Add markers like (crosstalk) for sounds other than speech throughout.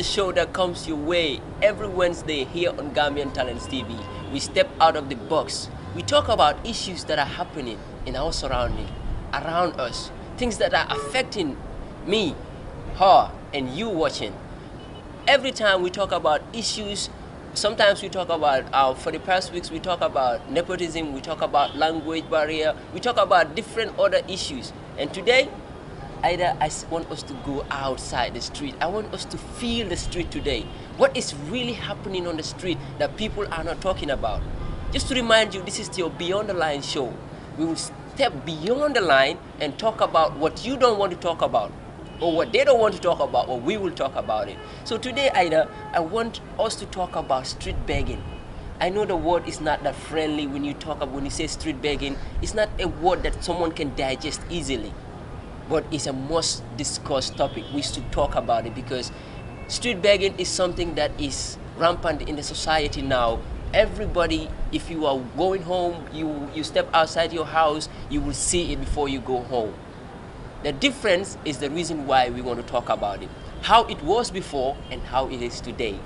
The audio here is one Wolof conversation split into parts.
The show that comes your way every Wednesday here on Gambian Talents TV. We step out of the box. We talk about issues that are happening in our surrounding, around us, things that are affecting me, her, and you watching. Every time we talk about issues, sometimes we talk about, uh, for the past weeks, we talk about nepotism, we talk about language barrier, we talk about different other issues. And today, either I want us to go outside the street. I want us to feel the street today. What is really happening on the street that people are not talking about? Just to remind you, this is your Beyond the Line show. We will step beyond the line and talk about what you don't want to talk about or what they don't want to talk about or we will talk about it. So today, Ida, I want us to talk about street begging. I know the word is not that friendly when you talk about when you say street begging. It's not a word that someone can digest easily but it's a most discussed topic. We should talk about it because street begging is something that is rampant in the society now. Everybody, if you are going home, you, you step outside your house, you will see it before you go home. The difference is the reason why we want to talk about it. How it was before and how it is today.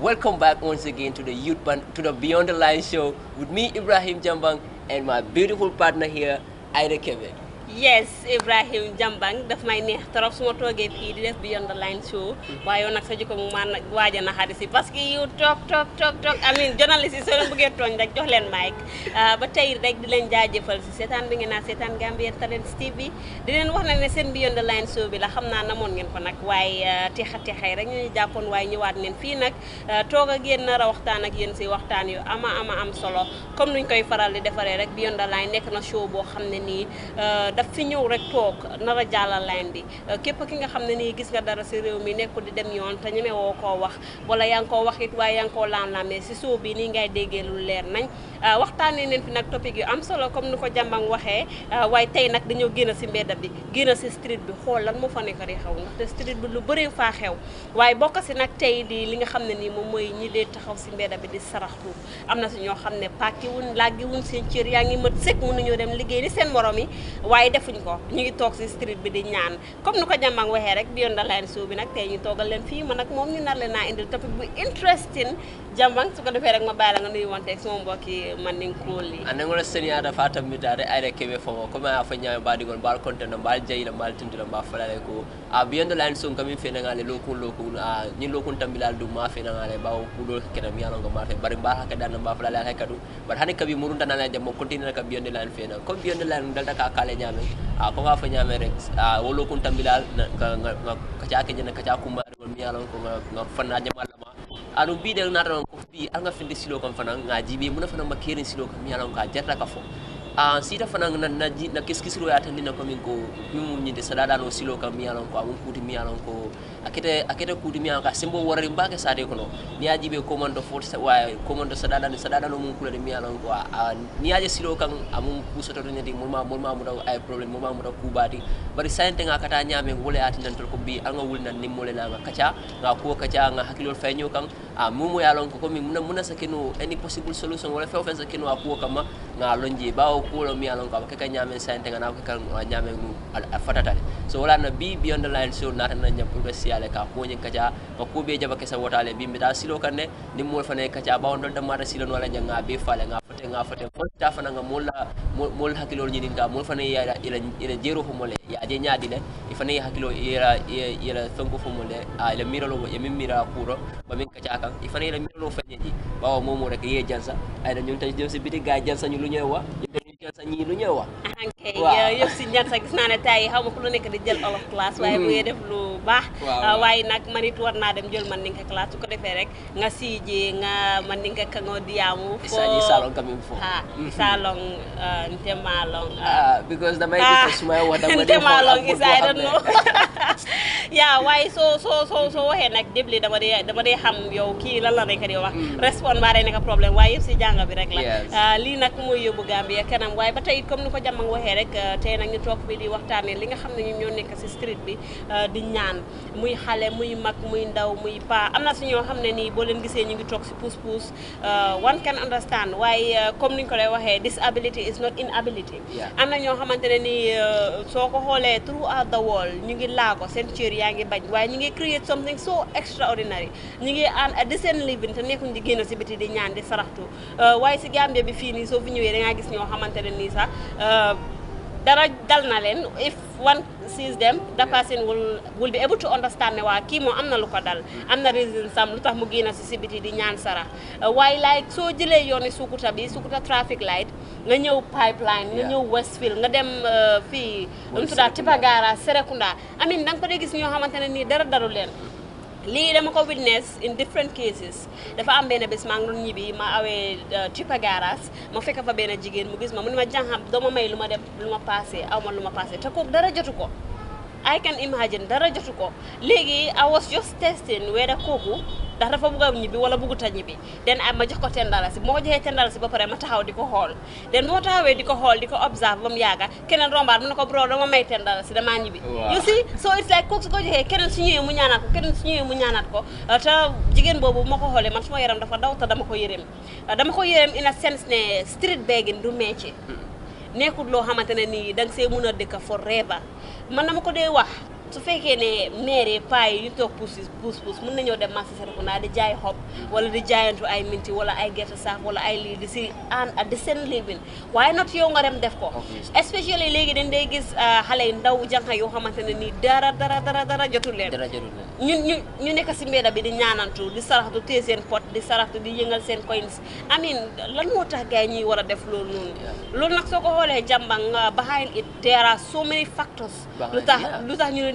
Welcome back once again to the Youth Band, to the Beyond the Line show with me, Ibrahim Jambang, and my beautiful partner here, Ida Kevin. yes ibrahim jambang daf may neex torop suma toge fi di def beyond the line show waaye nak sa jikko man waja na hadisi parce que you talk talk, talk talk I mean journalist so leen bëgge togn rek jox leen mic ah, ba tay rek di leen jaajeufal ci seetaan bi ngeen naa seetaan Gambian TV di leen wax na ne sen beyond the line show bi la xamna naa namoon ngeen ko nag waaye ah, teexa teexay rek ñu jàppoon waaye ñëwaat neen fii nag ah, toog ak yéen nar waxtaan ak yeen si waxtaan yu ama ama am solo comme nuñ koy faral di defare rek beyond the line nek na show bo xamne ni daf fi ñëw rek toog nar a jàllal leen bi euh, képp ki nga xam ne nii gis nga dara si réew mi nekkul di dem yoon te ñemewoo ko wax wala yaa ngi koo wax waaye yaa ngi koo laam-laamee si suuf bi nii ngay déggee lu leer nañ Euh, waxtaanee neen fi nag topic yu am solo comme ni ko jàmbang waxee euh, waaye tey nag dañoo génn si mbedda bi génn si street bi xool lan moo fa nekk di xew ndaxte street bi lu bëree faa xew waaye bokk si nag tey di li nga xam ne nii moom mooy ñi dee taxaw si mbedda bi di saraxtu am na si ñoo xam ne pàkki wuñ làggi wuñ seen cër yaa ngi mët sëkk mënuñoo dem liggéey seen morom yi waaye defuñ ko ñu ngi toog si street bi di ñaan comme ni ko jàmbang waxee rek bi nag tey ñu toogal leen fii man nag moom ñu nar leen naa indil topic bu interesting jàmbang ko defee rek ma bàyyi la nga nuyu wanteeg sama mbokk yi maninkroli anangona seniyata fa tammitade ayre keɓe fomo comme a fo ñaami mbaɗigol mbaal contena mbaal jeyina mbaal tindira mba falale ko a biyando laani son kamin fenagale lokun lokun a ñin lokun tambilal dum ma fenagale ɓaw kuɗol kena mi yalongo mate bari mbaal hake ɗanna mba falale hay kadu bat hani kabi muruntanala jamma continue ka biyande laani fena comme biyande laani dalta ka kale ñaamen a ko nga fo ñaame rek a wo lokun tambilal ka kaca keñana kaca kumbaɗigol mi yalon ko nga fanna jam allah ma aɗum mbiɗen naata noon ko fi alga finde silo kam fana ga jiiɓe muna fana ma keerin silo kam miyalon ka jarta ka fo an ah, sita fana na na, na kisikisiro ye atandi na komin ko miŋ mu ñinti sadadano silo kaŋ miŋ ye a loŋ ko a muŋ kuuti miŋ ye a loŋ ko a kete a kete kuuti miŋ ye a loŋ ko a sembo wararin baa ke saate kono niŋ ye a jibe komanto fo wa komanto sadadano sadadano muŋ kulati miŋ ye a loŋ ko a niŋ ye a je silo kaŋ a muŋ ni ñeti molu ma molu ma muta a ye problème molu ma muta kuubaati bari sayinte ŋa kata taa ñaameŋ wole le ye atindantol ko bi anga ŋa wuli ni mole mo le la ŋa kaca ŋa kuwo kaca ŋa hakkilol feñoo kaŋ a muŋ mu ye a ko komi muna muna sakinu any possible solution wala feŋ o feŋ sa keno a kuwo kamma ŋa a bawo kuolo mi alon ko aba keka ñamen sayinte ngana ko kekal ñamen nu a so wala no bi beyond the line so natana ñam pour ɓe siyale ka koñin kaca ma kuɓe jaba kesa wotale bi mbiɗa silo kan ne ni mol fana kaca ɓawon ɗon dammata silo no wala ñanga be fale ga fote ga fote fonta fana ga molla mol hakkilol ñininka mol fana ila jeero fo mole yaje ñaadi le i e fana hakkilo ila e ila e, tonko fo mole a ila miralo ye min mira kuuro ba min kaca kan i fana ila miralo feñeji ɓawa momo rek ye jansa ayɗa ñun tan jewsi biti ga jansa ñu lu ñoy wa jël sa ñii lu ñëw wax. ankay ah, yëpp si ñaar sa gis naa ne tay xaw ma ku lu nekk di jël olof classe waaye mu mm-hmm. ngi def lu baax ah, waaye nag man it war naa dem jël man ninka classe su ko defee rek nga siije nga man ninka kango diyaamu fo salong kami fo ah mm-hmm. salong ah, ntemalong because damay gis sumay wax dama (laughs) ntemalong is I don't know (laughs) yaa waaye soo soo soo soo waxee nag débli dama dee dama dee xam yow kii lan la nekk di wax mm. respond baa day nekk problème waaye yëpp si jàng bi rek la lii nag mooy yóbbu Gambia kanam naam waaye ba tey comme ni ko jàmmang waxee rek euh, tey nag ñu toog bi di waxtaanee li nga xam ne ñu ñoo nekk si street bi euh, di ñaan muy xale muy mag muy ndaw muy paa am na si ñoo xam ne nii boo leen gisee ñu ngi toog si puus puus euh, one can understand waaye comme ni ñu ko lay waxee disability is not inability am na ñoo xamante ne nii soo ko xoolee throughout the ñu ngi laago seen cër yaa ngi bañ waaye ñu ngi create something so extraordinary ñu ngi aan a decent living te nekkuñ di génn si biti di ñaan di saraxtu waaye si Gambia bi fii nii soo fi ñëwee da ngaa gis ñoo xamante ne nii sax euh, dara dal na leen if one sees them the person will will be able to understand ne waa kii moom am na lu ko dal am na reason sam lu tax mu génn si sibiti di ñaan sarax euh, waaye like soo jëlee yoon yooni Sukuta bi Sukuta traffic light nga ñëw pipeline nga ñëw Westfield nga dem euh, fii um tuddaa Tipagara Serekunda amin da nga ko dee gis ñoo xamante ne nii dara daru leen lii dama ko witness in different cases dafa am benn bés maa ngi doon ñibbi ma awee euh, Tupa garage ma fekk fa benn jigéen mu gis ma mu ne ma jànxam doo ma may lu ma dem lu ma paase aw ma lu ma paase te kooku dara jotu ko. I can imagine dara jotu ko léegi I was just testing whether kooku ndax dafa bugg a ñibbi wala buggut a ñibbi den ay ma jox ko ten dalasi moo joxee ten si ba pare ma taxaw di ko xool den moo taxawee di ko xool di ko observe ba mu yaaga keneen rombaat mu ne ko bro dama may ten dalasi damaa ñibbi you see so it's like su ko joxee keneen su ñëwee mu ñaanaat ko keneen su ñëwee mu ko uh, te jigéen boobu ma ko xoolee man suma yaram dafa daw te dama ko yërëm uh, dama ko yërëm in a sense ne street begging du métier hmm. nekkul loo xamante ne nii danga see mun a dëkk for reeba man na ma ko dee wax su fekkee ne maire paa yi ñu toog puus puus puus mën ñoo dem marché Serekunda di jaay xob wala di jaayantu ay minti wala ay gerte saaf wala ay lii di si an di seen living waaye not yow nga dem def ko especially léegi dañ day gis ah, xale yu ndaw jànqa yoo xamante ne nii dara dara dara dara jotul leen ñu ñu ñu nekk si mbedd bi di ñaanantu di saraxtu téye seen pot di saraxtu di yëngal seen coins amin lan moo tax gars yi ñuy war a def loolu noonu loolu nag soo ko xoolee jàmbang behind it there so many factors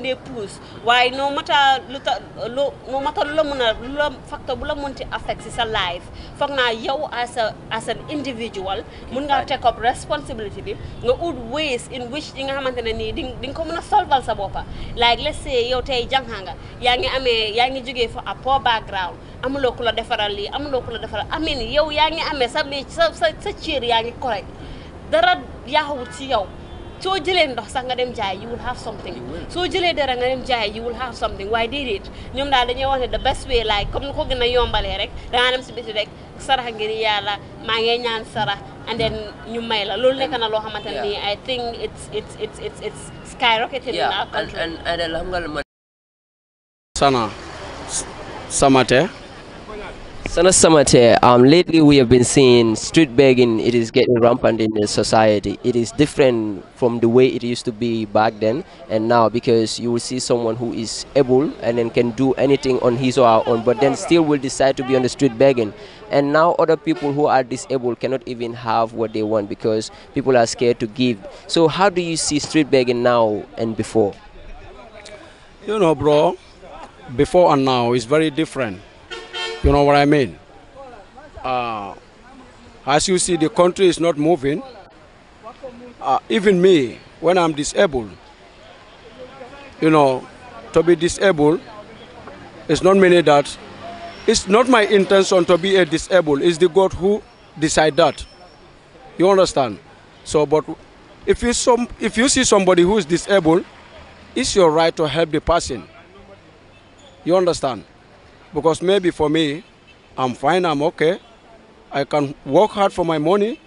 dee pousse waaye noo mata lu ta loo noo mata lu la mën a lu la facteur bu la mënti affect si sa life foog naa yow as a as an individual mun ngaa take up responsibility bi nga ut ways in which yi nga xamante ne nii di di nga ko mën a solval sa boppa like let's say yow tey jàngaa nga yaa ngi amee yaa ngi jógee fa a poor background amuloo ku la defaral lii amuloo ku la defaral amin yow yaa ngi amee sa sa sa cër yaa ngi correct dara yaaxawut si yow soo jëlee ndox sax nga dem jaay you will have something soo jëlee dara nga dem jaay you will have something waaye déedéet ñoom daal dañuy wax ne the best way like comme ni ko gën a yombalee rek dangaa dem si biti rek sarax ngir yàlla maa ngi ñaan sarax and then ñu may la loolu nekk na loo xamante ni I think it's it's it's it's it's skyrocketed in our country and and and xam nga lu ma. Sana Sana Samate, um, lately we have been seeing street begging, it is getting rampant in the society. It is different from the way it used to be back then and now because you will see someone who is able and then can do anything on his or her own but then still will decide to be on the street begging. And now other people who are disabled cannot even have what they want because people are scared to give. So how do you see street begging now and before? You know, bro, before and now is very different you know what I mean? Uh, as you see, the country is not moving. Uh, even me, when I'm disabled, you know, to be disabled, it's not me that. It's not my intention to be a disabled. It's the God who decide that. You understand? So, but if you some, if you see somebody who is disabled, it's your right to help the person. You understand? Because maybe for me, I'm fine, I'm okay. I can work hard for my money.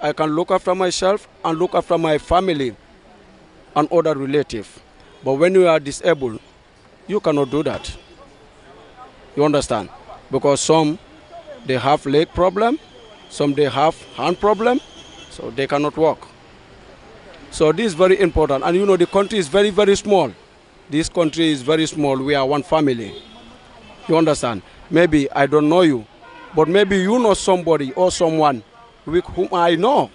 I can look after myself and look after my family and other relatives. But when you are disabled, you cannot do that. You understand? Because some, they have leg problem, some they have hand problem, so they cannot walk. So this is very important. And you know, the country is very, very small. This country is very small. We are one family. You understand? Maybe I don't know you, but maybe you know somebody or someone with whom I know.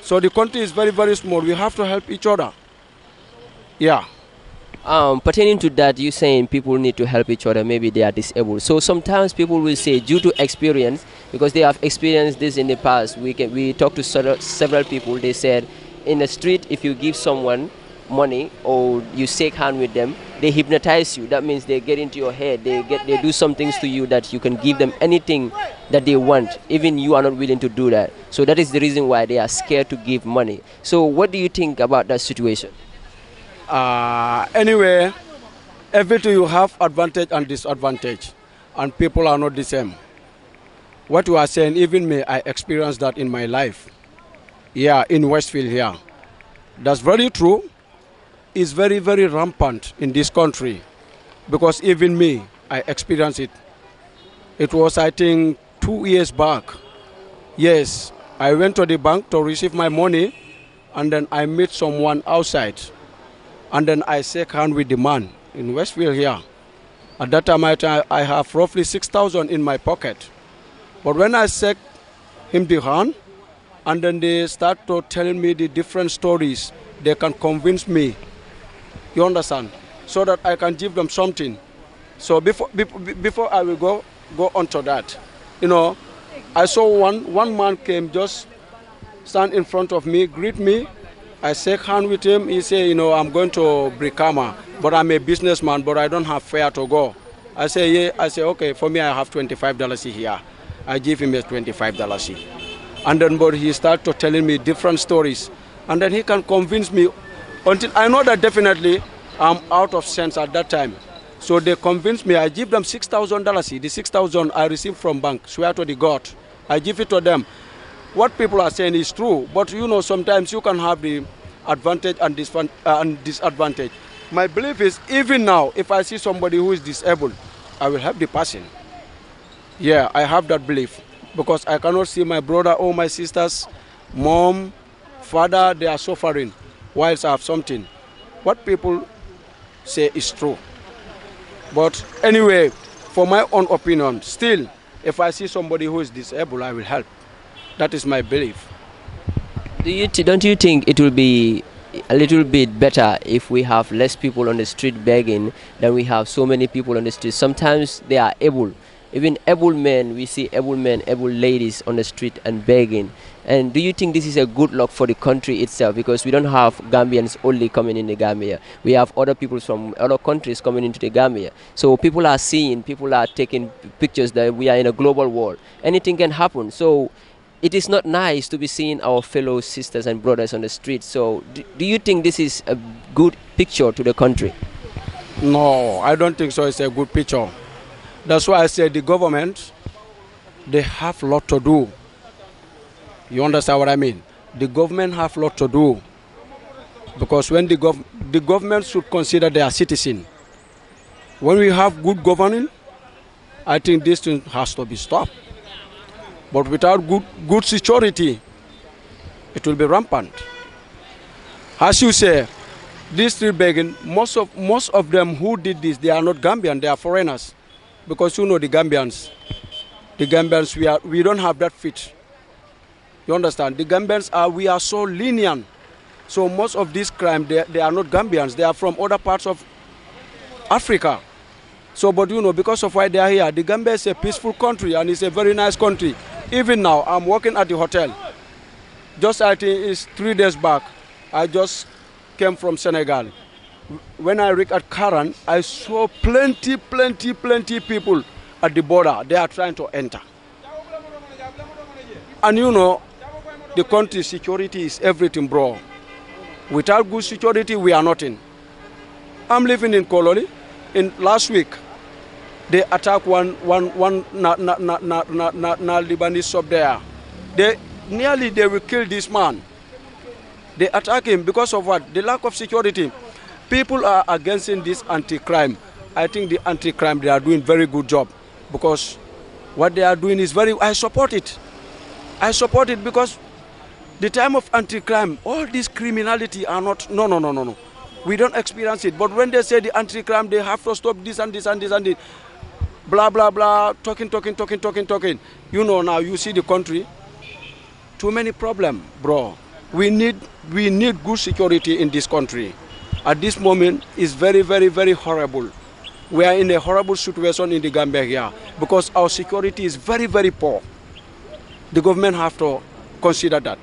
So the country is very, very small. We have to help each other. Yeah. Um, pertaining to that, you saying people need to help each other. Maybe they are disabled. So sometimes people will say, due to experience, because they have experienced this in the past. We can, we talked to several people. They said, in the street, if you give someone money or you shake hand with them, they hypnotize you. That means they get into your head. They get they do some things to you that you can give them anything that they want. Even you are not willing to do that. So that is the reason why they are scared to give money. So what do you think about that situation? Uh, anyway, everything you have advantage and disadvantage, and people are not the same. What you are saying, even me, I experienced that in my life. Yeah, in Westfield here. That's very true is very, very rampant in this country because even me, I experienced it. It was, I think, two years back. Yes, I went to the bank to receive my money and then I met someone outside. And then I shake hand with the man in Westfield here. At that time, I, have roughly 6,000 in my pocket. But when I shake him the hand, and then they start to tell me the different stories, they can convince me you understand? So that I can give them something. So before, before I will go, go on to that. You know, I saw one, one man came just stand in front of me, greet me. I shake hand with him. He say, you know, I'm going to Brikama, but I'm a businessman, but I don't have fare to go. I say, yeah. I say, okay, for me, I have $25 here. I give him a $25. And then but he start to telling me different stories. And then he can convince me until I know that definitely I'm out of sense at that time. So they convinced me. I give them six thousand dollars. The six thousand I received from bank. Swear to the God, I give it to them. What people are saying is true, but you know sometimes you can have the advantage and, uh, disadvantage. My belief is even now, if I see somebody who is disabled, I will help the person. Yeah, I have that belief because I cannot see my brother or my sisters, mom, father. They are suffering whilst I have something. What people say is true. But anyway, for my own opinion, still, if I see somebody who is disabled, I will help. That is my belief. Do you don't you think it will be a little bit better if we have less people on the street begging than we have so many people on the street? Sometimes they are able even able men, we see able men, able ladies on the street and begging. And do you think this is a good luck for the country itself? Because we don't have Gambians only coming in the Gambia. We have other people from other countries coming into the Gambia. So people are seeing, people are taking pictures that we are in a global world. Anything can happen. So it is not nice to be seeing our fellow sisters and brothers on the street. So do, do you think this is a good picture to the country? No, I don't think so. It's a good picture. That's why I said the government, they have a lot to do you understand what I mean? The government have lot to do because when the, gov- the government should consider their citizen. When we have good governing, I think this thing has to be stopped. But without good, good security, it will be rampant. As you say, these three begging, most of, most of them who did this, they are not Gambian, they are foreigners. Because you know the Gambians, the Gambians, we, are, we don't have that fit. You understand? The Gambians are, we are so lenient. So most of these crime, they, they are not Gambians. They are from other parts of Africa. So, but you know, because of why they are here, the Gambia is a peaceful country and it's a very nice country. Even now, I'm working at the hotel. Just I think it's three days back, I just came from Senegal. When I reached at Karan, I saw plenty, plenty, plenty people at the border. They are trying to enter. And you know, the country's security is everything, bro. Without good security, we are nothing. I'm living in Kololi. In last week, they attack one one one na, na, na, na, na, na, na Lebanese up there. They nearly they will kill this man. They attack him because of what? The lack of security. People are against this anti-crime. I think the anti-crime they are doing very good job because what they are doing is very. I support it. I support it because the time of anti-crime, all this criminality are not, no, no, no, no, no. We don't experience it. But when they say the anti-crime, they have to stop this and this and this and this. Blah, blah, blah, talking, talking, talking, talking, talking. You know now, you see the country. Too many problems, bro. We need, we need good security in this country. At this moment, it's very, very, very horrible we are in a horrible situation in the Gambia here because our security is very, very poor. The government have to consider that.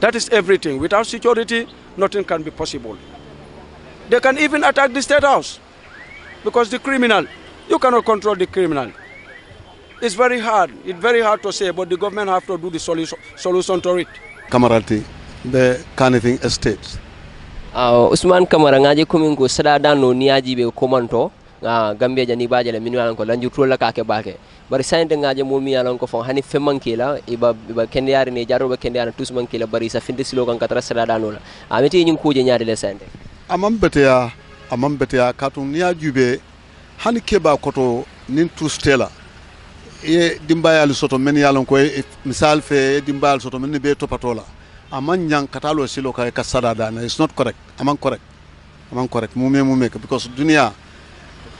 That is everything. Without security, nothing can be possible. They can even attack the state house because the criminal, you cannot control the criminal. It's very hard. It's very hard to say, but the government have to do the solution, solution to it. Kamarati, the Kaniting Estates. Uh, Usman Kamara ngaji kumingu sada dano niaji be komanto uh, Gambia jani baje le minu alanko lanjutu tuola kake bake bari sayinte ngaje momi ya lon ko fon hani fe manke la iba iba kende yari ne jaro ba kende yari tous manke la bari sa finde silo kan katra sala dano la amete nyin kuje nyaade le sayinte amam beteya amam beteya katun ya jube hani keba koto nin tous tela ye dimbayal soto men yalon ko e, misal fe e dimbayal soto men be to patola aman nyan katalo silo e ka ka sada dana it's not correct aman correct aman correct mume mume because dunia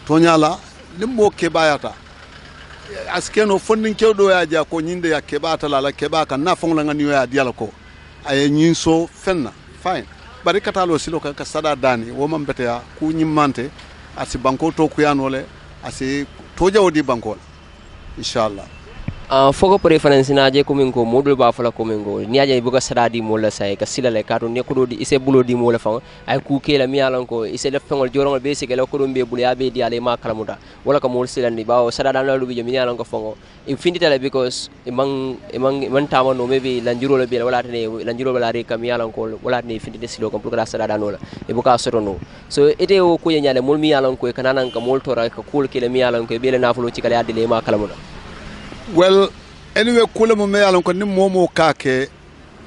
tonya la limbo kebayata askeno fonnin kewɗo yaji ko ñinde ya tala talala keɓa ka na fonla ganiyoya ala ko aye ñinso fenna fine bari katalo silo ka ka saɗa dani woman beteya ku ñimmante asi banko to kuyanole asi to di bankole inchallah Uh, ah, foko preference naje ko modul ba fala kumingo ni aje buka sada di mola sai ka sila le kato ne kudo di ise bulo di mola fa ay ku ke la mi ko ise le fengol jorong be se gelo kudo be bulo yabe di ale ma kalamuda wala ka mol sila ni ba o sada dan lu bi mi ko fongo infinity le because imang imang imang tama no me lanjuro le be wala tane lanjuro wala re ka mi ko wala tane infinity silo ko pura sada dan wala e buka soto no so ite o ku nyale mol mi alan ko e ka mol tora ka kul ke le mi ko be le nafulo ci kala adile ma kalamuda well anyway kule mu me yalan ko ni momo kake ke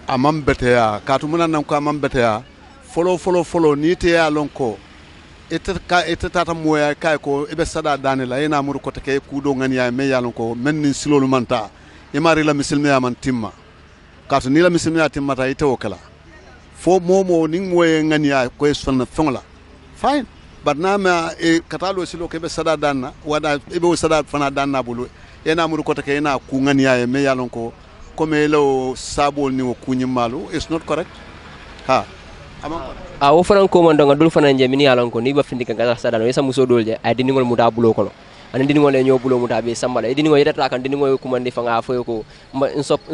a man beteya ka tumuna nan ko a man beteya folo folo folo ni te yalan ko ita ka ita tata moya kai ko ibe sada dani la ina mur ko take ku do ngani ya me yalan ko men ni silolu manta e mari la misilme man timma ka to ni la misilme timma ta ite wakala fo momo ni moye ngani ya ko e sonna fongla fine but na ma e katalo silo ke be sada dana wada ibe sada fana dana bulu ena muru kota ke ena kungani ya me ya lonko kome lo sabo ni wo kunyi malu it's not correct ha ama a wo ah, fanan ko man donga dul fanan je mini ya lonko ni ba findi ka gasa sadano yesa muso dol je adini muda bulo kolo ani ndiniŋo le ñoo bulo muta a be samba la i ndiniŋo yetata kan ndiniŋo ye kumandi faŋa a fo ye ko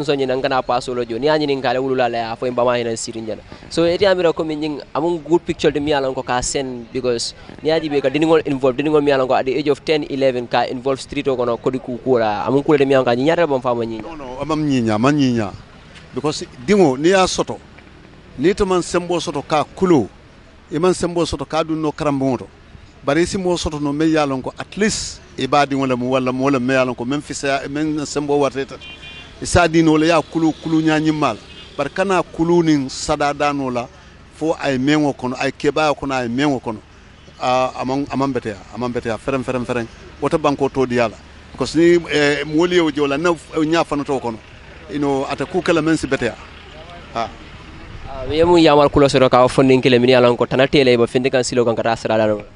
nso ni n kana paso lo jo ni ye ñiniŋ ka le wulula la ye a fo ye hina sirinjana so ite a mira komi ñiŋ amuŋ good picture de mi ko ka sen because ni ye jibe ka ndiniŋol involve ndiniŋol mi ye ko at the age of 10 11 ka involve street o kono kodi kukuo la amuŋ kule de mi ye ko a ñiñata le bam no ñiña non non amam ñiña man ñiña because diŋo ni ye soto ni to man sembo soto ka kulu i man sembo soto ka dunno karambuŋo to bari si moo soto no meŋ ye ko at least ibadi wala mu walla moo lemu me ko même fisaya meŋ senboo warata i se a diinoo le ye a kuluu kana kulu ni sadaadaanoo la fo ay mengo kono ay keba kono ay mengo kono a maŋ a maŋ a maŋ beteya fereŋ fereŋ fereŋ wo te bankoo too diya la parce moolu wo o la ne ñaa to kono ino ate kuu men si beteya haa mi ye kulo soto ka wo fondiŋ kele minnu ko tana ba la bo finti kaŋ siloo kaŋ ka taa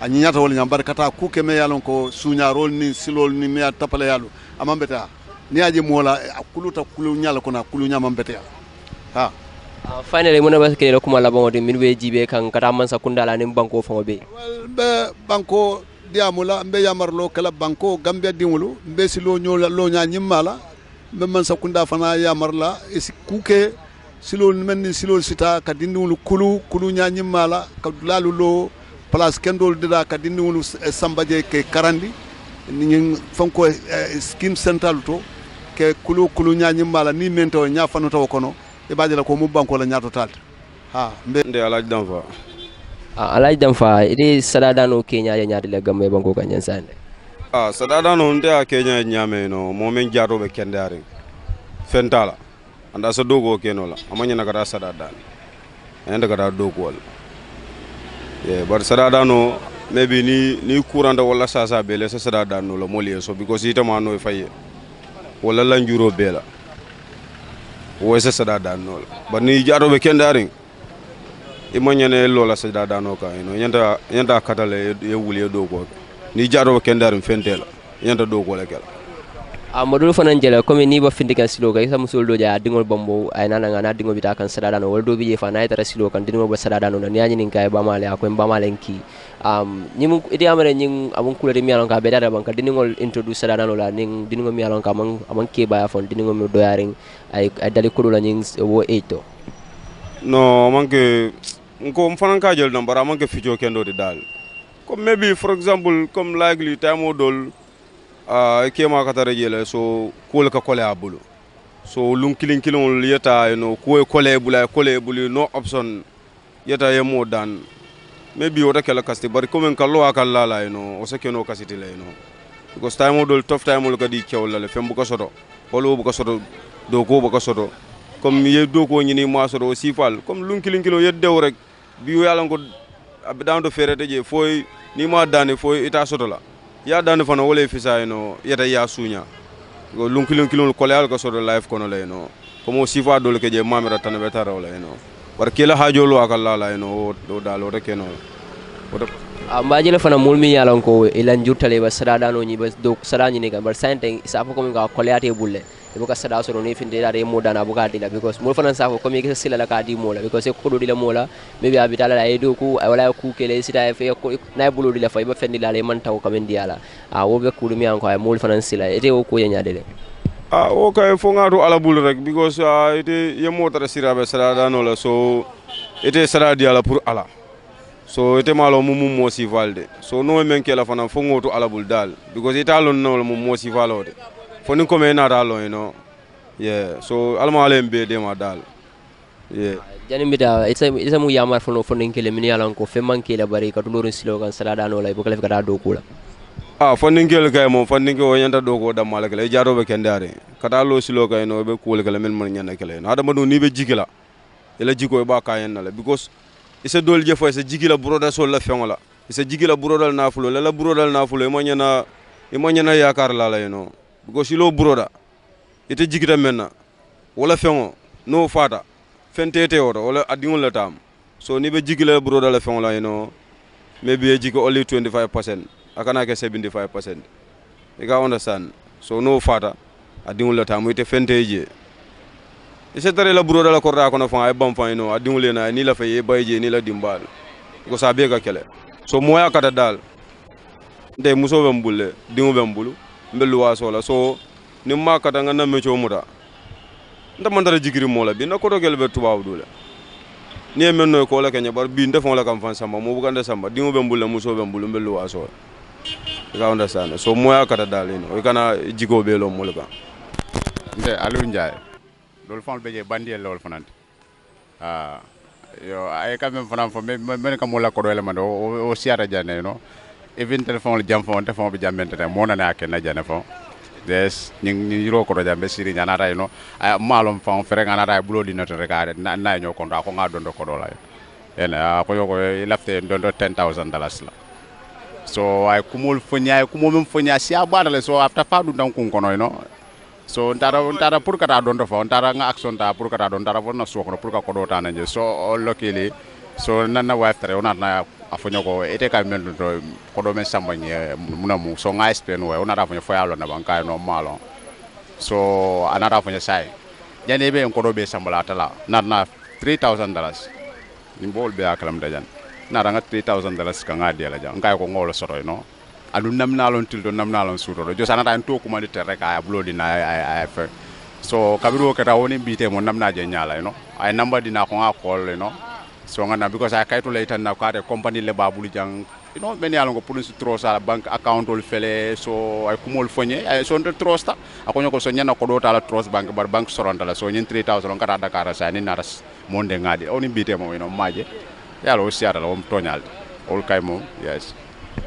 a ñiñata wol ñam bari kata ku keme yalon ko suñarol ni silol ni meya tapale yalu amam beta ni aje mola a kuluta kulu ñala kono a kulu ñamam beta ha uh, finally mona bas kele kuma labango de min be jibe kan kata man sakunda la ni banko fo be well be banko diamula mbe yamarlo kala banko gambia dinwulu mbe silo ñola lo ñaa ñimmala mbe man sakunda fana yamarla isi kuke silol men ni silol sita kadindiwulu kulu kulu ñaa ñimmala kadulalu lo place kendol dida kadi ni wonu sambaje ke karandi ni fanko eh, scheme central to ke kulu kulu nyaanyi mala ni mento nya fanu taw kono e baaji la ko mu banko ah, ah, la nyaato talta ha mbe de alaaj danfa ah alaaj fa ide sadadano kenya ya nyaade le e banko nyen sande ah sadadano nde a kenya nyaame no men jaato be kendare fentala anda sa dogo kenola amanya nakata sadadano ende kata dogo wala Yeah, but sada da no maybe ni ni kuranda wala sasa bele sa sada da la moli so because ita mano no e wala la njuro bela wo sa sada dano la but ni jaro be kendari i e ma ñane lola sada da no ka ino yenda yenda katale ye wuli do ko ni jaro be kendari fentela yenda do ko le a ah, fana jela comme ni ba findi kan silo kay sa musul do ja dingol bombo ay nana ngana dingo bita kan sada dano wal do bi je fana ay tara silo kan dingo ba sada dano nan yaani nin kay ba male akoy ba male ki um ni mun ide amare nyin abun kulere mi alon ka be dada banka ka dingo introduce sada dano la nin dingo mi alon ka man amon ke ba fon dingo mi do yarin ay ay dali kulo la nyin wo eto no manke nko mfana ka jel nambara manke fijo kendo de dal comme maybe for example comme likely time odol uh, kema katara jela so kuwol ka kole a bulu so lun kilin kilinol yeta no kuwo kole bula kole bulu no option yeta yemo dan mai biyu wata kela kasti bari kome ka lowa kan lala no wasa keno kasi tila no because time dol tof time ka di kyau lala fem buka soto holo buka soto doko buka soto comme ye doko nyini ma soto sifal comme lun kilin kilo yedde rek biyu yalan ko abidan do ferete je foy ni ma dane foy ita soto la ya dani fana wole fisa ino yeta ya sunya lun kilon kilon kolayal ko sodo life kono la ino komo sifa dole ke je mamira tan be tara wala no war kila hajo lo akalla la ino do dalo re keno a mbajele fana mulmi yalon ko ilan jurtale ba sada dano nyi ba do sada nyi ga bar sante sa ko mi ga kolayate bulle because that's what only finda that more than abukadila because more finance have come ikisa sila la kadi mola because ko dodila mola maybe abita la edo ku wala ku kele sita fe na bulo dila fa iba fendi la le man taw kamendi ala a wo be mi an ko ay more finance sila ete wo ko yanya dele a wo kay fo ngato ala bulu rek because a ah, ite yemo tara sira be sala la so ite sada di ala pour ala so ite malo mu mu mosi valde so no men la fana fo ngoto ala bul dal because ita lon no mu mosi valode fo ni kome ina da lon you know yeah so alma ale mbe de ma dal yeah jani mbita it's a mu yamar fo no fo ni kele min fe man kele bari ka duloro silo kan sala da no lay bokale ka da do kula ah fo ni kay mo fo ni ko yanta do ko da mala kele jaro be kendare ka da lo silo no be kule kele min man nyana kele na da ma ni be jikila ila jiko ba kayen na la because isa dol je fo isa jigila buroda so la fengola isa jigila burodal nafulo la la burodal nafulo e mo nyana e mo nyana yakar la la you know because ilo buroda ite jigita menna wala fengo no fata feŋ tete woto wala adiŋol le tam so ni be jigila buroda la fengo la you maybe ye jigi only 25 percent a kana ke 75 percent i ka understand so no fata adiŋol le tam ite feŋ te je i se la buroda la korra kono faŋ a ye baŋ faŋ you know le na ni la fe ye je ni la dimbal because a bee ka kele so moya kata dal nte muso be n bulle diŋo mbelluwa sola so ni ma kata n ka na mecoo muta nta man tara jikiri moo la bi na koto kele be tubaabu du le niŋ ye meŋ noye koo la ke ɲe bari bi nte faŋo la kam faŋ samba bu bukante samba diŋo be mbulu bulu musoo be mbulu bulu n belluwa sola i ka understand so moo ye kata daali no i kana jikoo bee lo mulu kaŋ nte aliou ndiaye loolu faŋolu be je bandiyel lewol ah, yo a ye ka meŋ fanaŋ fo meŋ ka moo la kodoyele mande o siyata jane no even telephone le jamfo onte fon be ben tan mona na ke na jane fo des ñing ñi ro ko do jambe siri ñana tay no ay malom fon fere ngana tay bulo di noto rek na na ño ko ndo ko nga dondo ko do la ene ko yo ko e, lafte dondo 10000 dollars la so ay kumol fonya ay kumol mem fonya si abada le so afta fadu dan kun kono no so ntara ntara pour kata dondo fo ntara nga action ta pour kata don ntara fo na so ko pour ka ko do na je so lokili so nanna tare ona na afonyo ko ete ka men to ko do men samba muna mu so nga explain we ona rafonyo fo yalo na banka no malo so anara fonyo sai jane be ko do be sambala tala na na 3000 dollars ni bol be akalam da jan na ranga 3000 dollars ka nga dela jan ngai ko ngolo soro no adu namna lon tildo namna lon suro do jo sanata to kuma de tere ka ablo di na ay ay so kabiru ko ta woni bite mo namna je nyala no ay number dina ko nga call no songana because aka ito laitan na kare company le babulu jang you know many alongo pulisi trosa bank account ol fele so ay kumol fonye ay so ndo trosta akonyo ko so nyana ko do tala tros bank bar bank soronta la so nyen 3000 on kata dakara sa ni naras monde ngadi oni bite mo ino maje yalo siara la om tonyal ol kay mo yes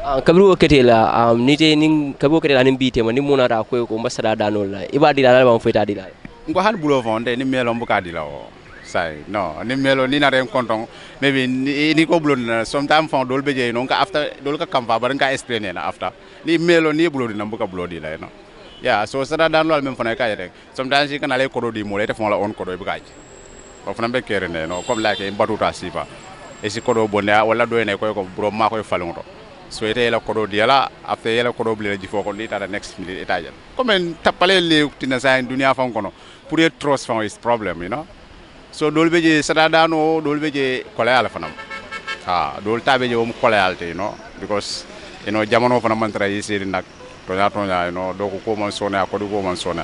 Uh, kabiri wo kete la um, nite nin kabiri wo kete la nin biite ma nin munata koy ko mbasada danol la i b'a dila la laban foyi la n ko hali bulo fɔ n tɛ ni miyɛlɔn bɛ dila o say no ni melo ni na ren kontong maybe ni, ni ko bulon na sometime fon dol beje no ka after dol ka kamfa bar ka explain na after ni melo ni bulon na buka bulon la no ya so sada dan lol mem fona ka yere sometimes kan ale kodo di mole te fon la on kodo be ka ko fona be kere ne no comme like batuta sifa e si kodo bonne wala do ne ko ko bro ma ko falonto so ite yela kodo diyala after yela kodo bila jifo ko lita da next minute itajan comme tapale le tina sa dunia fam kono pour être trop fan is problem you know so dolɓeje dano o je kolayala fanam ha dol je wom koleyal te no because you know jamano fana mantara yesiri nak toña toña you know donc ko man sona koɗi ko man sona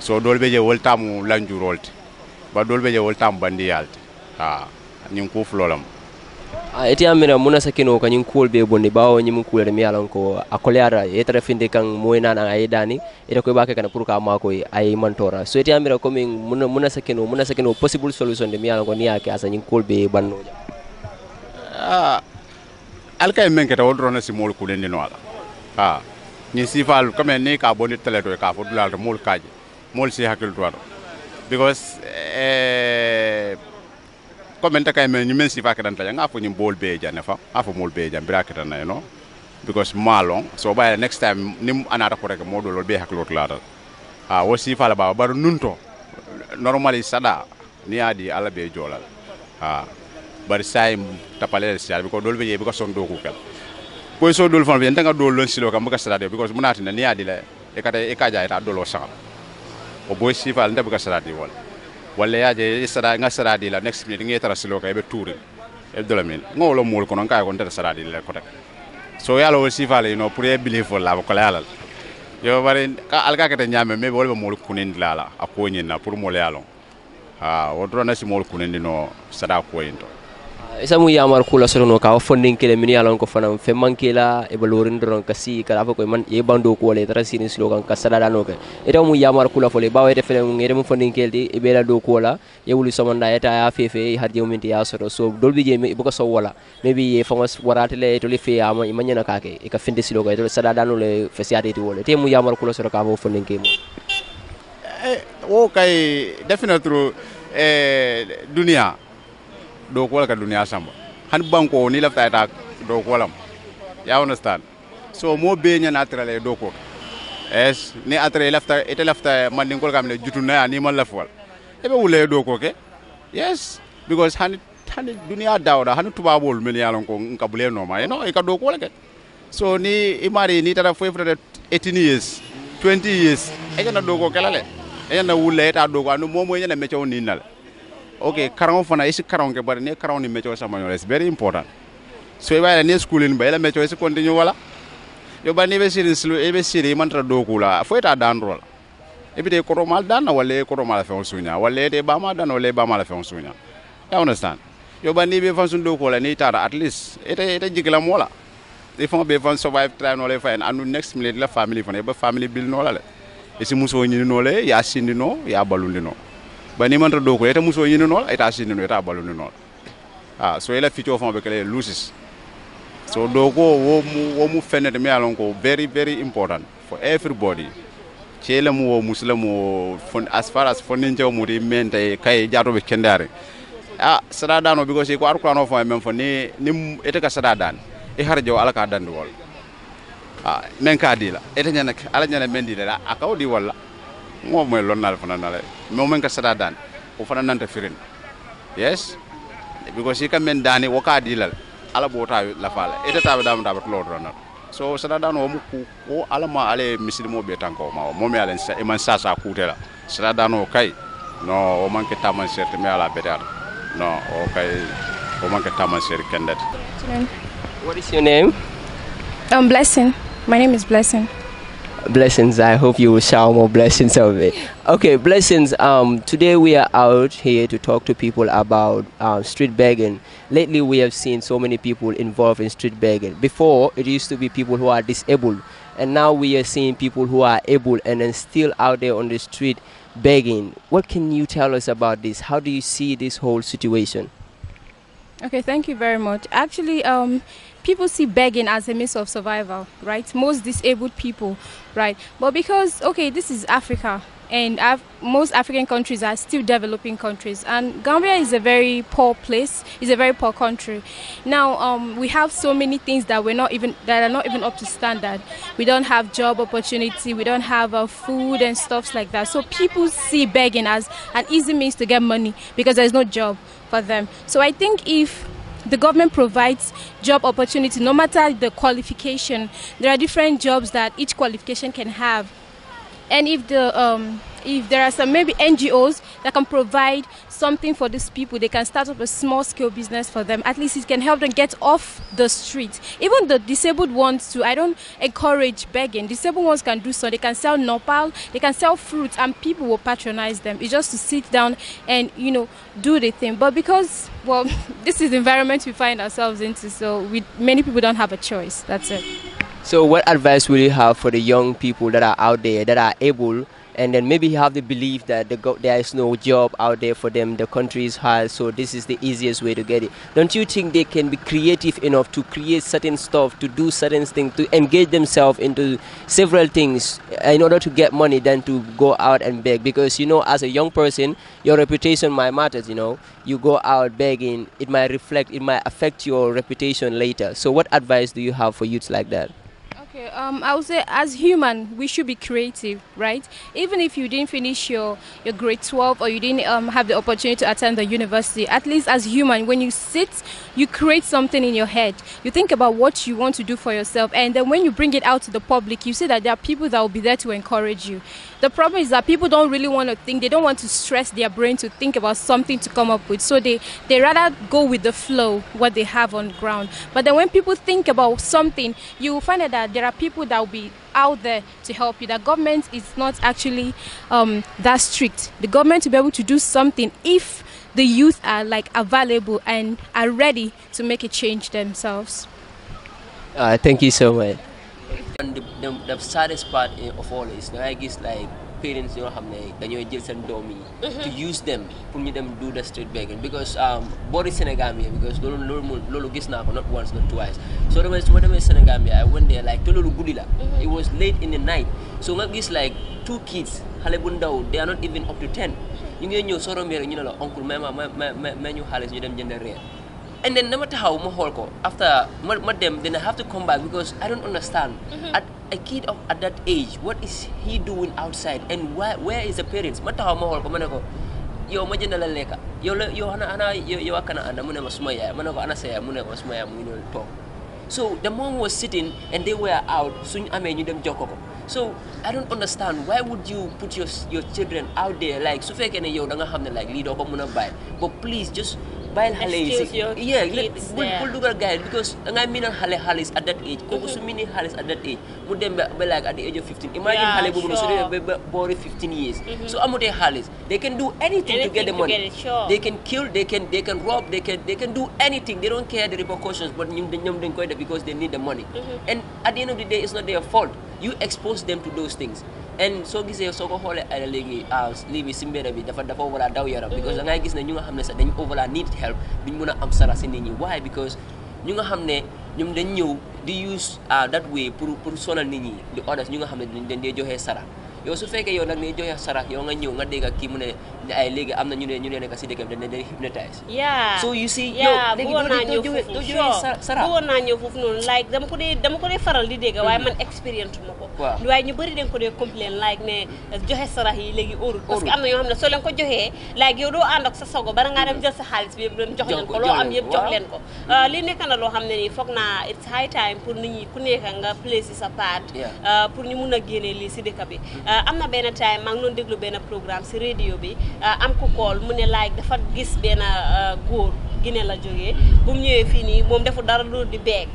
so dolɓeje woltamu lanjurolte ba dolɓeje woltamu bandiyalte ha ñin kufulolam Ah, ete amira muna sakino kanyin kul be bonni bawo nyim kul re lan ko akolyara yetere finde kan moyna na ay dani ete ko baake kana pour ka ma ko ay mentora so ete amira ko min muna muna sakino muna sakino possible solution de lan ko niya ke asa nyin kul be banno ah alkay men ke wodro na si mol kulen no ala ah fal ko men ni ka bonne tele to ka fodulal mol kaaje mol si hakil to because eh kommente kayme ñumen sifa kedanta jang afo ñim bol beja nefa afo mol beja bira kedana you know because malon so by next time ni anata ko rek modo lol be haklot lata a ah, wo sifa la baba bar nunto normally sada ni adi ala be jolal ah, a bar say tapale sial ko dol be ye ko son do ko kal ko so dol fon be tanga dol lon silo kam ka sada because munati ni adi la e kata e ka jaay ta dolo sa o boy sifa la ndab ka sada di wala walla sara nga di la next minute nge tara silo be touri tuuri do la min ngowolo ko kono kay kon sara di la kote so yaalo wo sifale you pour ye believe la ko kola yalal yo bari ka alka kete ñaame mais wolɓe moolu kunindi la la a ko nyina pour mool yaalon ha wo si mool moolu kunindi no sada ko to isamu yamar kula solo no ka funding kele min yalon ko fanam fe manke la e balorin don ka si ka afa ko man e bando ko le tara sini silo kan ka sada dano ke ita mu yamar kula fo le ba wede fele mu ngere mu funding kele e bela do ko la e wuli so da eta ya fe fe har je min ya so so bi je bu ko so wala me bi e fama warate le to le fe ama e manyana ka ke e ka finde silo ka to sada dano le fe siade ti wole te mu yamar kula solo ka fo funding ke mu eh, eh o kai definitely eh dunia do ka duniya samba han banko ni lafta ta do ya understand so mo be nya natural e doko es ni atre lafta ite lafta man ni ko kam jutu na ni man lafwal e be wule doko ke yes because han han duniya dawda han tubabol ya lon ko nka bule no ma no e ka do ke so ni imari ni tara fo fo 18 years 20 years e na dogo le e na wule ta dogo anu mo nya na mecho ni nal ok karaŋo fana i si karaŋo ke bari niŋ karaw niŋ meccoo sama ñoo la it's very important so i e b'a ye niŋ skulin ba i la meccoo i si continue wala yo bari be siriŋ silo i be siri i e e mantara dookuu la fo i taa daanduro la i bita i kotomaal daanna walla i kotomaa la feŋo suuñaa walla ite i baamaa daanna walla i baamaa la feŋo suuñaa you understand yo bari be faŋ suŋ dookuu la niŋ i at least ite ite jigila moo la i be faŋ survive try noo la fa en andu next minute la family fana i be family bil noo la le i si musoo ñini noo le ye a sindi noo ye balundi noo banimanta doko eta muso yini nol eta sini nol eta balu nol ah so ela fito fon bekele lusis so doko wo mu wo mu fene de alon ko very very important for everybody chele mu muslim fon as far as fon ninja mu ri mente kay jato be kendare ah sadada dano because ko alquran no fon men fon ni ni eta ka dan e harjo alaka dandol ah men ka dila eta nyana ala nyana men dila akaw di la ŋo moye lonnale fana nala mais omen ka sata dani o fana nanta firin yes because si e ka men dani wo ka dilal ala bota lafala ite e taɓe dama taɓa tulo to nan so sata dani womu ku wo ala ma ala misilimo ɓe tanka o ma wo moo mi ala iman sasa kute la sata dani o kay non wo manke taman serte mais ala bedata non o kay wo manke taman serte kendete What is your name? I'm Blessing. My name is Blessing. blessings. I hope you will shower more blessings of it. Okay, blessings. Um, today we are out here to talk to people about um, street begging. Lately, we have seen so many people involved in street begging. Before, it used to be people who are disabled, and now we are seeing people who are able and then still out there on the street begging. What can you tell us about this? How do you see this whole situation? Okay, thank you very much. Actually, um people see begging as a means of survival, right? Most disabled people, right? But because, okay, this is Africa, and Af most African countries are still developing countries, and Gambia is a very poor place. It's a very poor country. Now um, we have so many things that we're not even that are not even up to standard. We don't have job opportunity. We don't have uh, food and stuffs like that. So people see begging as an easy means to get money because there's no job for them. So I think if the government provides job opportunity no matter the qualification. There are different jobs that each qualification can have. And if the um, if there are some maybe NGOs that can provide something for these people, they can start up a small scale business for them. At least it can help them get off the street. Even the disabled ones too. I don't encourage begging. Disabled ones can do so. They can sell nopal, they can sell fruits, and people will patronize them. It's just to sit down and you know do the thing. But because well, (laughs) this is the environment we find ourselves into, so we, many people don't have a choice. That's it. So, what advice would you have for the young people that are out there that are able and then maybe have the belief that the go- there is no job out there for them, the country is hard, so this is the easiest way to get it. Don't you think they can be creative enough to create certain stuff, to do certain things, to engage themselves into several things in order to get money than to go out and beg? Because you know, as a young person, your reputation might matter. You know, you go out begging, it might reflect, it might affect your reputation later. So, what advice do you have for youths like that? Okay, um, I would say as human, we should be creative, right? Even if you didn't finish your, your grade 12 or you didn't um, have the opportunity to attend the university, at least as human, when you sit you create something in your head. You think about what you want to do for yourself, and then when you bring it out to the public, you see that there are people that will be there to encourage you. The problem is that people don't really want to think, they don't want to stress their brain to think about something to come up with. So they, they rather go with the flow, what they have on ground. But then when people think about something, you will find that there are people that will be out there to help you. The government is not actually um, that strict. The government will be able to do something if the youth are like available and are ready to make a change themselves. Uh, thank you so much. And the, the, the saddest part of all is I is like parents you know, have dañooy jël seen doom yi. to mm-hmm. use them for me them do the street begging because um, body Sénégambia because loolu loolu loolu gis naa not once not twice So when su ma demee Sénégambia I went there like to loolu mm-hmm. it was late in the night so nga gis like two kids xale they are not even up to ten. ñu ngi ñëw soo rombee you ñu ne la oncle may ma may may ñu ñu dem jënd and then no matter how ma after madam then I have to come back because I don't understand mm-hmm. at a kid of at that age what is he doing outside and why where is the parents ma taxaw ma xool Yo ma ne ko yow ma jënd la lekka yow la yow xanaa xanaa yow ak kana ànd mu so the mom was sitting and they were out suñ amee ñu dem jokko ko so I don't understand why would you put your your children out there like so fekkee ne yow da nga xam ne like lii doo ko mën but please just bàyyil xale yi si yeah bul bul dugal gars because dangay miinal hale xaalis at that age kooku mm-hmm. su miinee xaalis at that age mu dem ba ba like at the age of 15 imagine xale boobu noonu su dee ba boori 15 years mm-hmm. su amutee xaalis they can do anything to get the money they can kill they can they can rob they can they can do anything they don't care the repercussions but ñoom ñoom dañ koy because they need the money mm-hmm. and at the end of the day it's not their fault you expose them to those things and soo gisee soo ko xoolee ay léegi ah, lii bi si mbéra bi dafa dafa war daw yaram mm-hmm. because da ngay gis ne ñu nga xam ne sax dañ over a need help duñ mun a am sara si nit ñi why because ñu nga xam ne ñoom dañ ñëw di use ah, that way pour pour sonal nit ñi di orders ñu nga xam ne dañ dee joxee sara yow su fekkee eh, yoo nag ni joxe ah, sarax yow nga ñëw nga dégg ak kii mu ne ay léegi am na ñu ne ñu ne nekk si dëkkam dañ leen hypnotize yaa so you see yow léegi doo joxe doo joxe sarax bëggoon naa ñëw ko dee dama ko dee faral di dégg waaye mm-hmm. man expérience ko waaye ñu bëri dañ ko dee complain like ne yi léegi óorul parce que na ñoo xam ko joxee like yow doo ak sa sago bara ngaa dem jël xaalis bi yëpp dem jox leen ko loo am leen ko li nekk na loo xam ne nii foog naa it's high time pour nit ñi ku nekk nga place sa part uh, pour ñu mun a génnee lii si dëkk bi mm-hmm. uh, Euh, am na benn time maa ngi doon déglu benn programme si radio bi euh, am ku kool mu ne like dafa gis benn euh, góor Guinée la jóge bu mu ñëwee fii nii moom defu dara lu di beeg.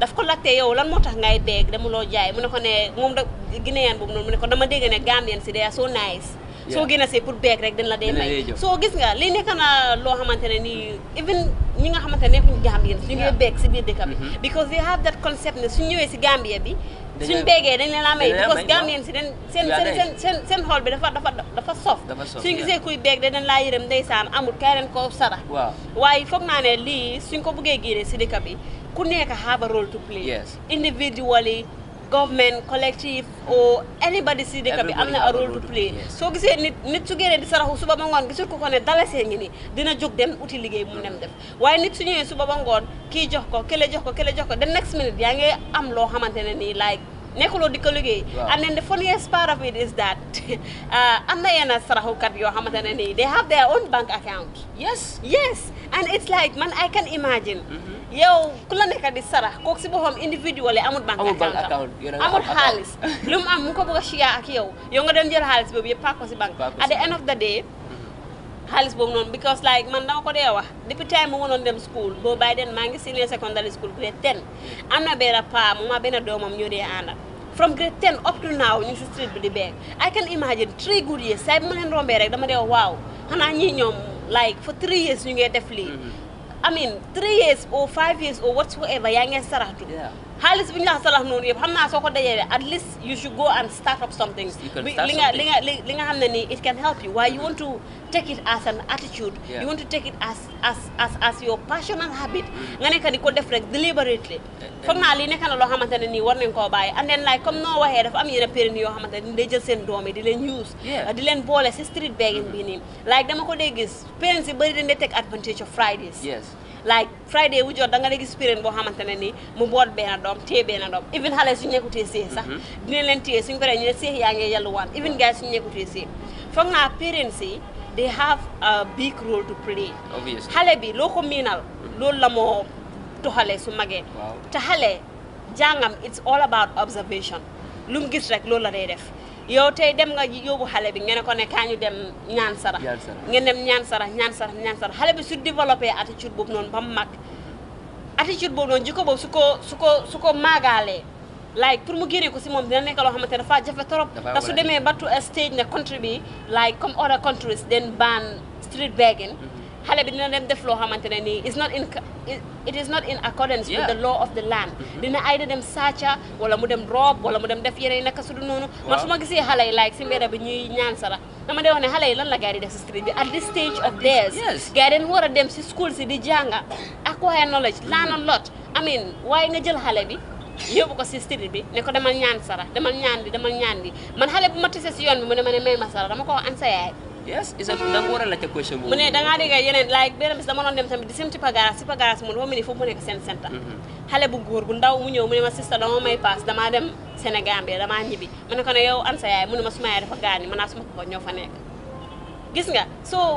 daf ko laajte yow lan moo tax ngay beeg dama loo jaay mu ne ko ne moom da Guinéen yaan noonu mu ne ko dama dégg ne Gambien si day so nice So génne see pour beeg rek dañ la dee may so. gis nga li nekk na loo xamante ne even ñi nga xamante ne nekkuñu Gambien suñu ñëwee beeg biir dëkk bi mm-hmm. because they have that concept ne suñu ñëwee si Gambie bi suñ beegee dañ leen may because Gambien si den seen seen seen seen xool bi dafa dafa dafa sof suñ gisee kuy beeg dañ laa yërëm ndeysaan amul kay ko sara waaye foog naa ne lii suñ ko bëggee génne si dëkk bi ku nekk have a role to play individually government collective or anybody si dëkk bi am na a role to play soo gisee nit nit su génnee di saraxu suba ba ngoon gisul ko ko ne dalasee ngi ni dina jóg dem uti liggéey mu dem def nit si ñëwee suba ba ngoon kii jox ko kële jox ko kële jox ko the next minute yaa ngi am loo xamante ne nii like nekkuloo di ko liggéey and then the funniest part of it is that (laughs) uh, am na yenn saraxukat yoo xamante ne nii they have their own bank account yes yes and it's like man I can imagine mm-hmm. yow ku la nekk di sarax kooku si boppam individually amul bank account amul xaalis lu mu am mu ko bëgg a chia ak yow yow nga dem jël xaalis boobu yëpp paak ko si banque at the end of the day xaalis boobu noonu because like man dama ko dee wax depuis time mu mënoon dem school boo bàyyi den maa ngi senior secondary school grade ten am na benn paa mu ma benn doomam ñoo dee àndal from grade ten up to now ñu si street di beeg I can imagine three good years saa bu ma leen rombee rek dama dee waaw xanaa ñii ñoom like for three years ñu ngee def lii mm-hmm. I mean three years or five years or whatsoever yaa ngee saraxtu xaalis ñu la salax noonu yëpp xam naa soo ko dajee at least you should go and start up something li nga li nga li nga xam ne nii it can help you Why you want to take it as an attitude you want to take it as as as as your passion and habit mm. nga nekk di ko def rek deliberately eh, eh. foog naa lii nekk na loo xamante ne nii war nañ koo bàyyi and then like comme noo waxee dafa am yenn période yoo xamante ne day jël seen doom yi di leen use di leen boole si street begging bi mm-hmm. nii like dama ko dee gis parents yi bëri dañ dee take advantage of Fridays Yes. like Friday wu jot da nga gis pireen boo xamante ne nii mu boot benn doom téye benn doom even xale suñu nekkutee séy sax mhm. dinañ leen téye suñ paree ñu ne séy yaa ngi yelluwaan even gars yi suñu nekkutee séy foog naa parents they have a big role to play xale bi loo ko miinal mhm. loolu la moo toxalee su magee te xale jàngam it's all about observation lu mu gis rek loolu la day def yow tey dem nga yóbbu xale bi nga ne ko ne kaa ñu dem ñaan sarax ngeen dem ñaan sarax ñaan sarax ñaan sarax xale bi su développé attitude boobu noonu ba mu mag attitude boobu noonu jikko boobu su ko su ko su ko maagaalee like pour mu génnee ko si moom dina nekk loo xamante ne dafa jafe trop te su demee ba tu stage ne country bi like comme other countries den ban street begging mm-hmm. xale bi dina dem def lo xamantene ni is not in it is not in accordance with the law of the land mm-hmm. dina ay dem sacha wala mu dem rob wala mu dem def yeneen nak su dul noonu man suma gisee xale yi like ci mbedd bi ñuy ñaan sara dama day wax ne yi lan la gaay di def ci street bi at this stage of theirs gars yi dañ a dem si school si di janga acquire knowledge mm-hmm. learn a lot I mean why nga jël xale bi yóbbu ko si street bi ne ko demal ñaan sara demal ñaan di demal ñaan di man xale bu ma tise si yoon bi mu ne ma may ma sara dama ko an sa yaay yes is a da nga war a laajte question boobu. mu ne da ngaa dégg yeneen like beneen bis dama doon dem tamit di sim ci pagaras ci pagaras mu dafa mel ni foofu mu nekk seen centre. Mm-hmm. xale bu góor bu ndaw mu ñëw mu ma sista dama may paas damaa dem Sénégal bi damaa ñibbi ma ne ko ne yow an sa yaay ma suma yaay dafa gaañ ma naa suma ko ñoo fa nekk gis nga soo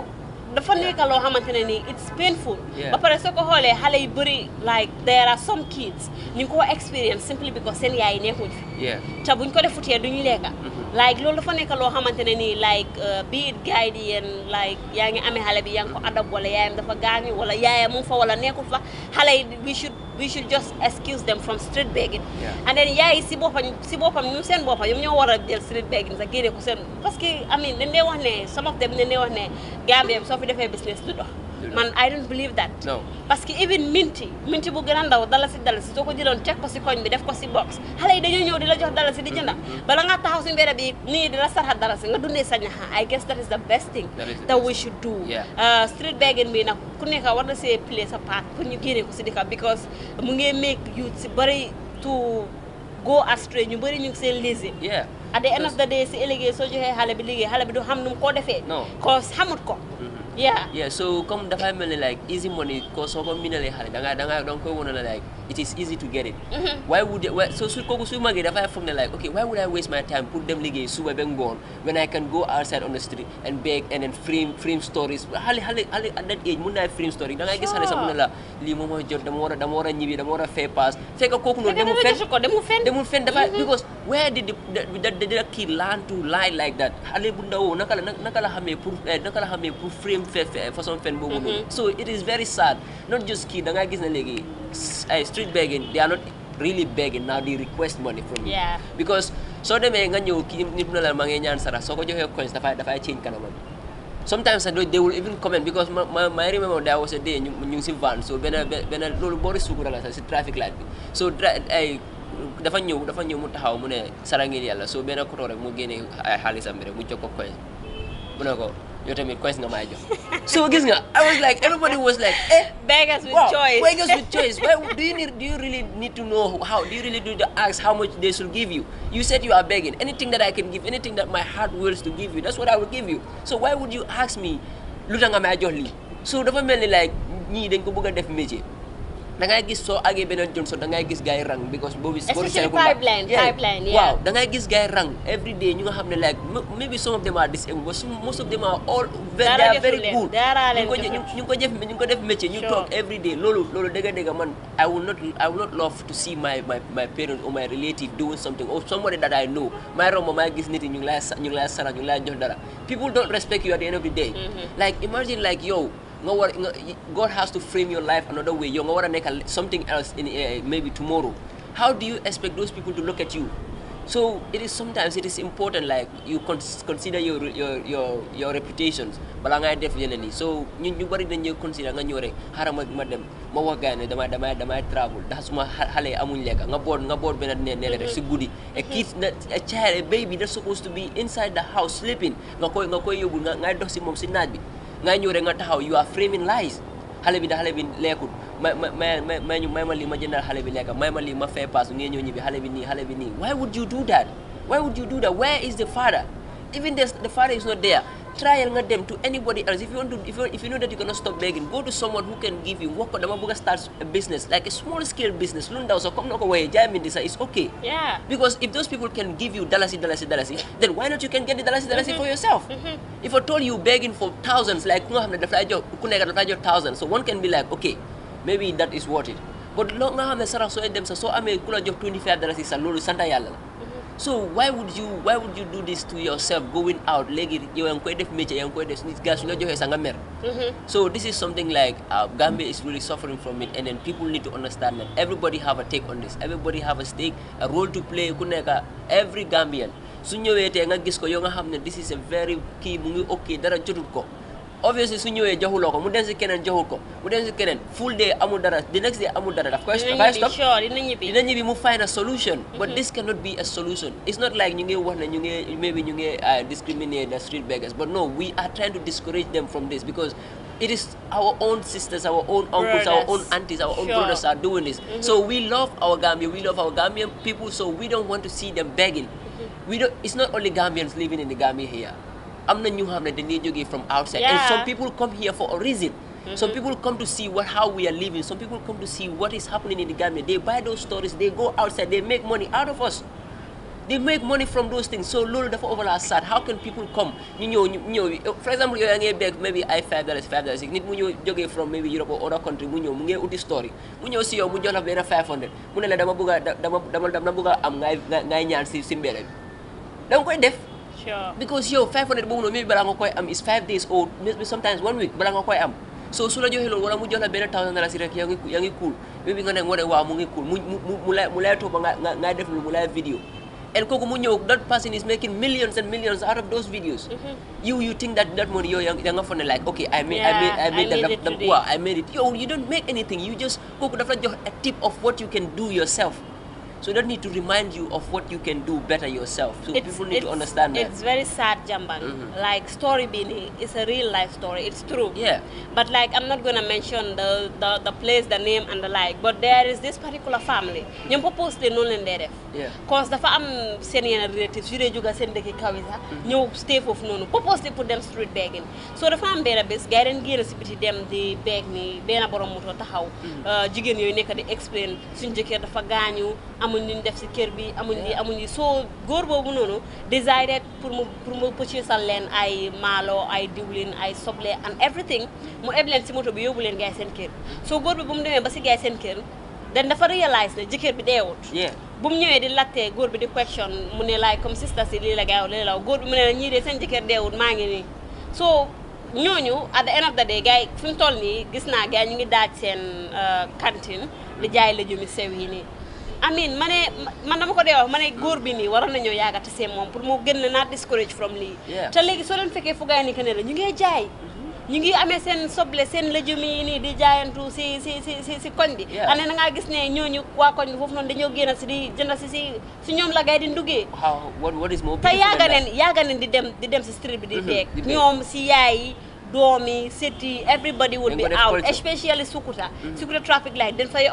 dafa nekk loo xamante ne nii it's painful. ba pare soo ko xoolee xale yu bëri like there are some kids ñu ngi ko experience simply because seen yaay nekkuñ fi. te buñ ko defutee duñu lekka. Mm-hmm. like loolu dafa nekk loo xamante ne nii like uh, be it yen like yaa ngi amee xale bi yaa ngi ko mm-hmm. adab yaayam dafa gaañu wala yaayam mu fa wala nekkul fa xale yi should. we should just excuse them from street begging and then yaay si boppam si boppam ñun seen boppam ñoom ñoo war a jël street begging sax génne ko seen parce que I mean dañ dee wax ne some of them dañ dee wax ne Gambia soo fi defee business du dox man I don't believe that. non parce que even minti minti bu gën a ndaw dalasi dalasi soo ko jëloon teg ko si koñ bi def ko si box xale yi dañoo ñëw di la jox dalasi di jënda mm-hmm. bala ngaa taxaw si mbedd bi nii di la saraxa dalasi nga dundee sa ñaxa I guess that is the best thing that we should do uh, street begging bi na ku nekk war na a play sa part pour ñu génne ko si dëkk because mu ngi make youth si bëri to go astray ñu bëri ñu ngi seen lazy at the end of the day si ëllëgee xale bi liggéey xale bi du xam nu mu koo defee cause xamut ko mm-hmm. yeah yeah so comme dafay mel like easy money ko soo ko miinalee xale da ngaa da ngaa da nga koy like it is easy to get it. Mm-hmm. why would they why so su kooku su magee dafay foog ne like ok why would I waste my time pour dem liggéey suba ba ngoon when I can go outside on the street and beg and frame stories xale at that age mun naa frame story da ngay gis xale sax mun na la lii jot dama war a dama war a ñibbi dama a fay paas fekk fen demul fen demul fen dafay because For fee façon fen boobu noonu so it is very sad not just kii da eh, street begging they are not really begging now they request money from you because soo demee nga ñëw kii nit na la ma ngay ñaan sarax soo ko joxee coins dafay dafay change kanamam sometimes I do, they will even comment because my, my, remember there was a day ñu ngi si van so benn benn loolu boori suukura la sax si traffic light bi so ay dafa ñëw dafa ñëw mu taxaw mu ne sara yàlla so benn koto rek mu génne ay xaalisam bi rek mu jox ko coin mu ne ko yow tamit me, na my job. so gis nga I was like everybody was like eh. beggars with wow, choice beggars with (laughs) choice why do you need do you really need to know how do you really need to ask how much they should give you you said you are begging anything that I can give anything that my heart wills to give you that's what I will give you so why would you ask me lu tax nga maa jox lii so dafa mel like ñii dañ not bëgg a def métier. dangay gis soo agee beneen Johnson da ngay gis gars yi rang because boobu. especially pipeline pipeline waaw da gis gars yi rang every day ñu nga xam ne like maybe some of them are disabled but most of them are all. very good ñu ko jëf ñu ko def métier. ñu toog loolu loolu dëgg dëgg man I will not I will not love to see my my my parent or my relative doing something or somebody that I know may romb may gis nit yi ñu ngi lay ñu ngi lay sarax ñu lay jox dara people don't respect you at the end of day. Mm-hmm. like imagine like yow. nga God has to frame your life another way yow nga war a nekkal something else in eh, eh, maybe tomorrow how do you expect those people to look at you so it is sometimes it is important like you consider your your your your reputations bala ngay definitely. so you ñu bari dañ ñoo consider nga ñëw rek xaaral ma ma dem ma wax gars damay damay damay travel ndax suma halay amuñ lekka nga boot nga boot benn ne ne rek si guddi a kid a child a baby that's supposed to be inside the house sleeping nga koy nga koy yóbbu nga ngay dox si mom si naaj nga ñëw nga taxaw you are framing lies xale bi da xale bi lekkul ma ma ma ma ñu may ma lii ma jëndal xale bi lekka may ma lii ma fay paas ngeen ñëw ñibbi xale bi nii xale bi nii why would you do that why would you do that where is the father even there's, the father is not there, try and get them to anybody else. If you want to, if you, if you know that you cannot stop begging, go to someone who can give you. Work on the buga start a business, like a small scale business. Lunda so come knock away, jam in this, it's okay. Yeah. Because if those people can give you dalasi, dalasi, dalasi, then why not you can get the dalasi, dalasi mm -hmm. for mm-hmm. yourself? Mm -hmm. If I told you begging for thousands, like no hamna the fly job, thousands, so one can be like, okay, maybe that is worth it. But long na hamna sarah so edem sa so ame kula job twenty five dalasi sa lulu santa yalla so why would you why would you do this to yourself going out legi. You are ngi koy def so this is something like uh, Gambia is really suffering from it and then people need to understand that everybody have a take on this everybody have a stake a role to play every Gambian su ñëwee tey nga this is a very key, ok dara jotut ko obviously su ñëwee joxuloo ko mu dem si keneen joxul ko mu dem si keneen full day amul dara the next day amul dara daf koy stop dina ñibbi dina ñibbi mu find a solution but mm-hmm. this cannot be a solution it's not like ñu ngi wax ne ñu ngi maybe ñu ngi uh, discriminate the street beggars but no we are trying to discourage them from this because it is our own sisters, our own uncles, brothers. our own aunties, our sure. own brothers are doing this. Mm -hmm. So we love our Gambia, we love our Gambian people, so we don't want to see them begging. Mm -hmm. We don't. It's not only Gambians living in the Gambia here am na ñu xam need dañuy jógee from outside. and some people come here for a reason. Some mm-hmm. people come to see what how we are living. Some people come to see what is happening in the Gambia. They buy those stories. They go outside. They make money out of us. They make money from those things. So loolu dafa over our sad. How can people come? You know, ñu ñëw for example you yaa ngi beg maybe I five dollars five dollars You mu ñëw from maybe Europe or other country mu ñëw mu story mu see your yow mu five hundred mu dama bëgg dama dama dama bëgg am ngay ngay ñaan si si mbedd bi da Sure. Because yo, 500 boobu no mille balaa koy am is 5 days old. sometimes one week balaa koy am so su la joxee loolu wala mu jox la benn thousand dollars rek yaa ngi cool mais bi nga ne nga ne mu ngi cool mu mu mu lay to lay topp nga nga def lu mu lay vidéo and kooku mu ñëw that person is making millions and millions out of those videos. Mm-hmm. you you think that that money yo yang nga fa ne like ok I made I made I made that waaw I made it Yo, you don't make anything you just kooku dafa la jox a tip of what you can do yourself. So you don't need to remind you what you can do better yourself. So it's, people need to understand that. It's very sad, Jambang. Mm -hmm. Like story Bini is a real life story. It's true. But like I'm not gonna mention the place, the name, and the like. But there is this particular family. ñoom propose te noonu leen dee def. cause dafa am seen yenn relatives yu dee jóga seen dëkki kaw yi sax. Mm-hmm. ñëw stay foofu noonu propose te pour dem street begging. so dafa am benn bés di beeg ni benn borom moto taxaw. Mm-hmm. Uh, jigéen yooyu nekk di explain dafa gaañu. amuñ lu ñu def si kër bi amuñ li amuñ li soo góor boobu noonu desired pour mu pour mu pëccësal leen ay maalo ay diwlin ay soble and everything mu eb leen si moto bi yóbbu leen gaay seen kër soo góor bi bu mu demee ba si gaay seen kër dañ dafa réalise ne jëkkër bi deewut bu mu ñëwee di latte góor bi di question mu ne laay comme sista si lii la gaaw lii la góor bi mu ne la ñii de seen jëkkër deewut maa ngi nii soo ñooñu at the end of the day gars yi fi mu toll nii gis naa gars yi ñu ngi daaj seen uh, cantine di jaay lëjum yu sew yi nii amin ma ne man dama ko dee wax ma ne góor bi nii waroon nañoo yaagati see moom pour moo génn naa discourage from lii te léegi soo leen fekkee fu gaay ni que ne la ñu ngi jaay mm-hmm. ñu ngi seen soble seen légumes yi nii di jaayantu si si si si si koñ bi ane na ngaa gis ne ñooñu waa koñ bi foofu noonu dañoo génn si di jënd si si si ñoom la gaay di nduggee te yaaga neen yaaga neen di dem di dem si street bi di deeg mm-hmm, ñoom si yaay yi doom yi sët yi everybody would be aw especially Sukuta mm-hmm. Sukuta traffic light dañ fay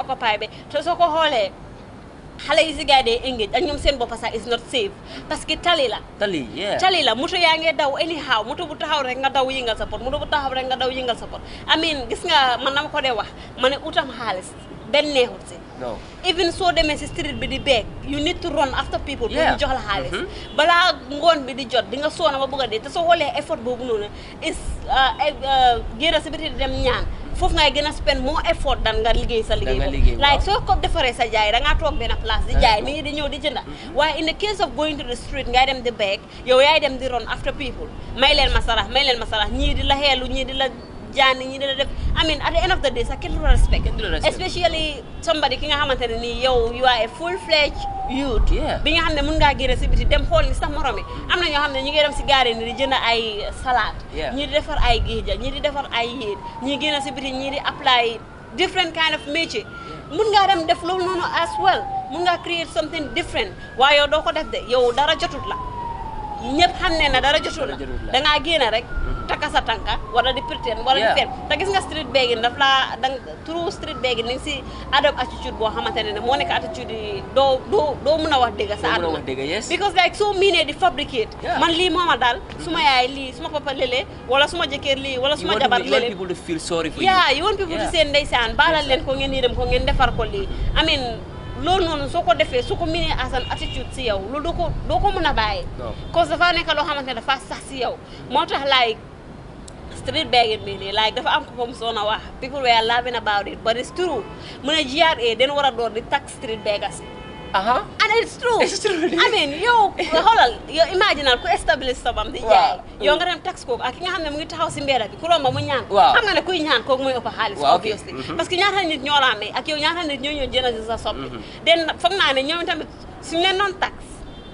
xale yi si gars yi day engage ak ñoom seen bopp sax is not safe parce que tali la. tali tali la moto yaa ngi daw anyhow moto bu taxaw rek nga daw yëngal sa pot moto bu taxaw rek nga daw nga sa pot amiin gis nga man na ma ko dee wax ma ne utam xaalis benn neexut si. non even soo demee si street bi di beeg you need to run after people. pour jox la xaalis. Mm-hmm. balaa ngoon bi di jot di nga soona ba bëgg a dee te soo xoolee effort boobu noonu is uh, e, uh, génn si biti di dem ñaan. foofu ngay gën a spend moo effort dan nga liggéey sa liggéey like soo ko defaree sa jaay da ngaa toog benn place di ah. jaay nit di ñëw di jënda mm-hmm. waaye in the case of going to the street ngay dem di beg yow yaay dem di run after people may leen ma sarax may leen ma sarax ñii di la xeelu ñii di la jaan ñi dina def I mean at the end of the day sax kenn du la respect especially somebody ki nga xamante ne nii yow you are a full fledged youth bi nga xam ne mun ngaa génne si biti dem xool ni sa morom yi am na ñoo xam ne ñi ngi dem si gaare ni di jënd ay salade ñi defar ay géeja ñi di defar ay yéen ñi génne si biti ñii di apply different kind of métier mun ngaa dem def loolu noonu as well mun ngaa create something different waaye yow doo ko def de yow dara jotut la ñëpp xamné na dara jotul da nga gëna rek takasa tanka wala di pretend wala di fen te gis nga street begging daf la through true street begging ni si adobe attitude bo xamantene mo nek attitude do do do do mun wax dega sa àdduna because like so many di fabricate man li moma dal mm-hmm. suma yaay li suma papa lele wala suma jëkkër li wala suma jabar lele you want people to feel sorry for you yeah you want people to say ndaysan balal len ko ngeen dem ko ngeen defar ko li I mean loolu noonu soo ko defee su ko mënee asan attitude si yow loolu doo ko doo ko mën a bàyyi. cause dafa nekk loo xamante ne dafa sax si yow moo tax laay. street begging meaning like dafa am ko fom sona wax people were laughing about it but it's true mu ne GRA den war a door di tax street beggars and it's true. it's true I mean yow xoolal yow imaginal ku establish sabam di jaay yow nga dem tax kooku ak nga xam mu ngi taxaw si mbedd bi ku romba mu ñaan xam nga ne kuy ñaan kooku mooy ëpp xaalis obviously mm-hmm. parce que ñaata nit ñoo la amee yow ñaata nit ñoo ñëw jënd si sa soppi mm-hmm. den foog naa ne ñoom tamit suñu leen noon tax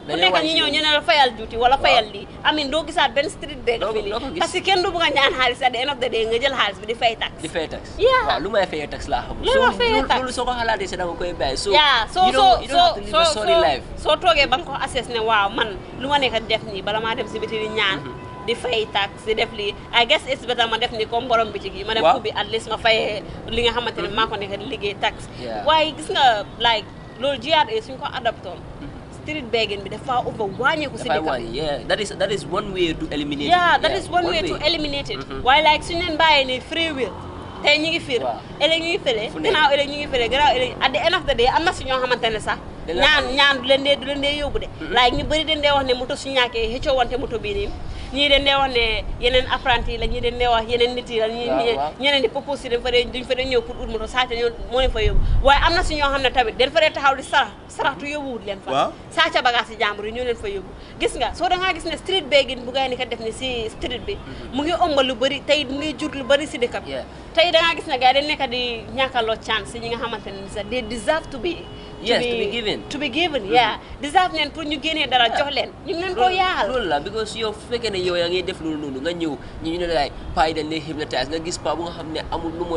ku nekk ñu ñëw ñu ne la fayal juuti wala fayal lii amin doo gisaat benn street beg fi lii parce que kenn du bëgg a ñaan xaalis at the end of the nga jël xaalis bi di fay tax di fay tax waaw koy bàyyi soo toogee ba ko assess ne waaw man lu ma nekk def nii bala maa dem si biti di ñaan mm-hmm. di fay tax di def lii I guess it's better ma def ni comme borom bitig yi ma dem ubbi at least ma fayee li nga xamante ne mm-hmm. maa ko nekk di liggéey tax waaye gis nga like loolu GRA suñ ko mm-hmm. street begging bi dafa over wàññeeku si dëkk bi yeah that is one way to eliminate yeah that is one way to eliminate it waaye like suñu leen bàyyee ne free will tey ñu ngi fiir ëllëg ñu ngi fële gannaaw ñu ngi fële gannaaw ëllëg at the end of the day am na si ñoo xamante ne sax ñaan ñaan du leen dee du leen dee yóbbu de laay mm-hmm. ñu bëri den dee wax ne moto su ñàkkee xëccoo wante moto bii ñii den dee wax ne yeneen apprenti la ñii den dee wax yeneen nit yi la ñi ñeneen di proposé dañ fa dee duñ fa dee ñëw ut moto sàcca ñoo moo fa yóbbu waaye am na si ñoo xam ne tamit dañ fa dee taxaw di sarax saraxtu yóbbuwut leen fa sàcca bagage yi yi ñoo fa yóbbu gis nga soo dangaa gis ne street begging bu gaay ni ko def ni si street bi mm-hmm. mu ngi ëmba bëri tey mu ngi jur lu si dëkk bi tey gis ne gaay dañ nekk di ñàkkaloo chance ñi nga xamante ne sax they deserve to be yes to be given to be given yeah deserve leen pour ñu génnee dara jox leen ñu ngi leen koo yaaxal loolu la because yow fekkee ne yow yaa ngi def loolu noonu nga ñëw ñu ñu ne laay paa yi dañ lay hypnotise nga gis paa bu nga xam ne amul lu mu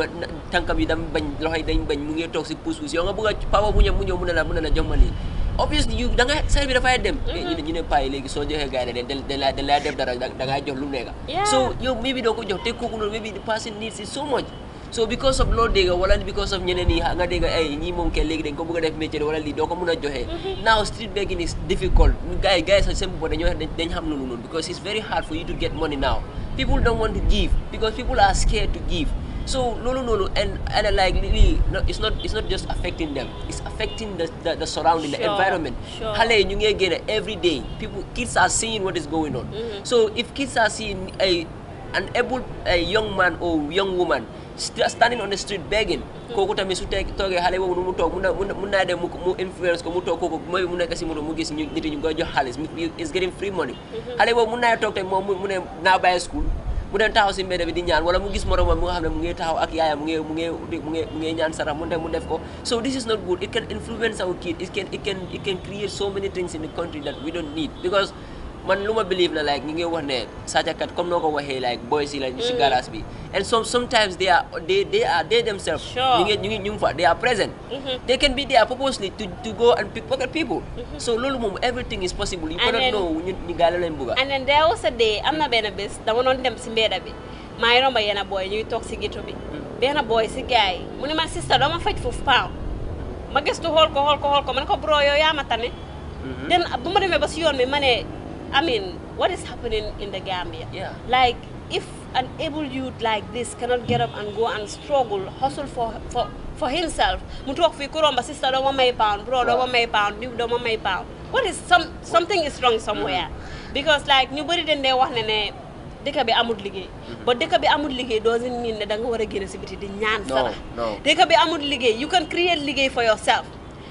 tànkam yi dam bañ loxo yi dañ bañ mu ngi toog si puus puus yow nga bëgg a paa boobu ñëw mu ñëw mu ne la mu ne la jox ma lii obviously yu da nga sel bi dafay dem mm-hmm. eh, ñu ne ñu ne paa yi léegi soo joxee gars yi ne leen dañ laa dañ laa def dara da ngaa jox lu nekk so yow maybe doo ko jox te kooku noonu maybe the person needs it so much so because of loolu dégg nga wala because of ñeneen yi nga dégg ay ñi moom kay léegi dañ ko bëgg a def métier wala lii ko joxe. now street begging is difficult Guys, yi gars yi seen bopp dañoo dañ xam loolu because it's very hard for you to get money now people don't want to give because people are scared to give so no no no, and and uh, like lii it's not it's not just affecting them it's affecting the the, the surrounding the environment Sure. yi ñu ngee génne every day people kids are seeing what is going on mm-hmm. so if kids are seeing a an able a young man or young woman standing on the street begging kooku tamit su teg toogee xale boobu nu mu toog mun na mun naa dem mu influence ko mu toog kooku mooy mu nekk si moto mu gis ñu nit ñu koy jox xaalis is getting free money mm-hmm. xale boobu mun naa toog tamit moom mu ne naa school mu dem taxaw si mbedd di ñaan wala mu gis moromam mu nga xam ne mu ngi taxaw ak yaayam mu ngi mu ngi mu dem mu def ko so this is not good it can influence our kid it can create so many things in the country that we don't need man lu ma believe la like ñi ngi wax ne sàccakat comme noo ko waxee like boys yi la si mm. garage bi and some sometimes they are they they are they themselves ñu ngi ñu ngi ñu ngi fa they are present mm-hmm. they can be there purposely to to go and pickpocket people mm-hmm. so loolu moom everything is possible you cannot know ñu ñu gaa la leen bëgga and then there was a day am na benn bés dama doon dem si mbedda bi maa ngi romba yenn booy ñuy toog si gitu bi mm. benn booy si gars yi mu ne ma sister dama faj foofu paaw ma gëstu xool ko xool ko xool ko man ko bro yow yaa ma tane den mm-hmm. bu ma demee ba si yoon bi ma ne I mean, what is happening in the Gambia? Yeah. Like, if an able youth like this cannot get up and go and struggle, hustle for for for himself, mutuak fikuro my sister don't want my pound, bro don't want my pound, dude don't want my pound. What is some something is wrong somewhere? Mm. Because like nobody didn't know what dëkk bi amul liggéey mm-hmm. ba does doesn't mean that da nga war a génn si biti di ñaan sarax dëkk bi you can create lige for yourself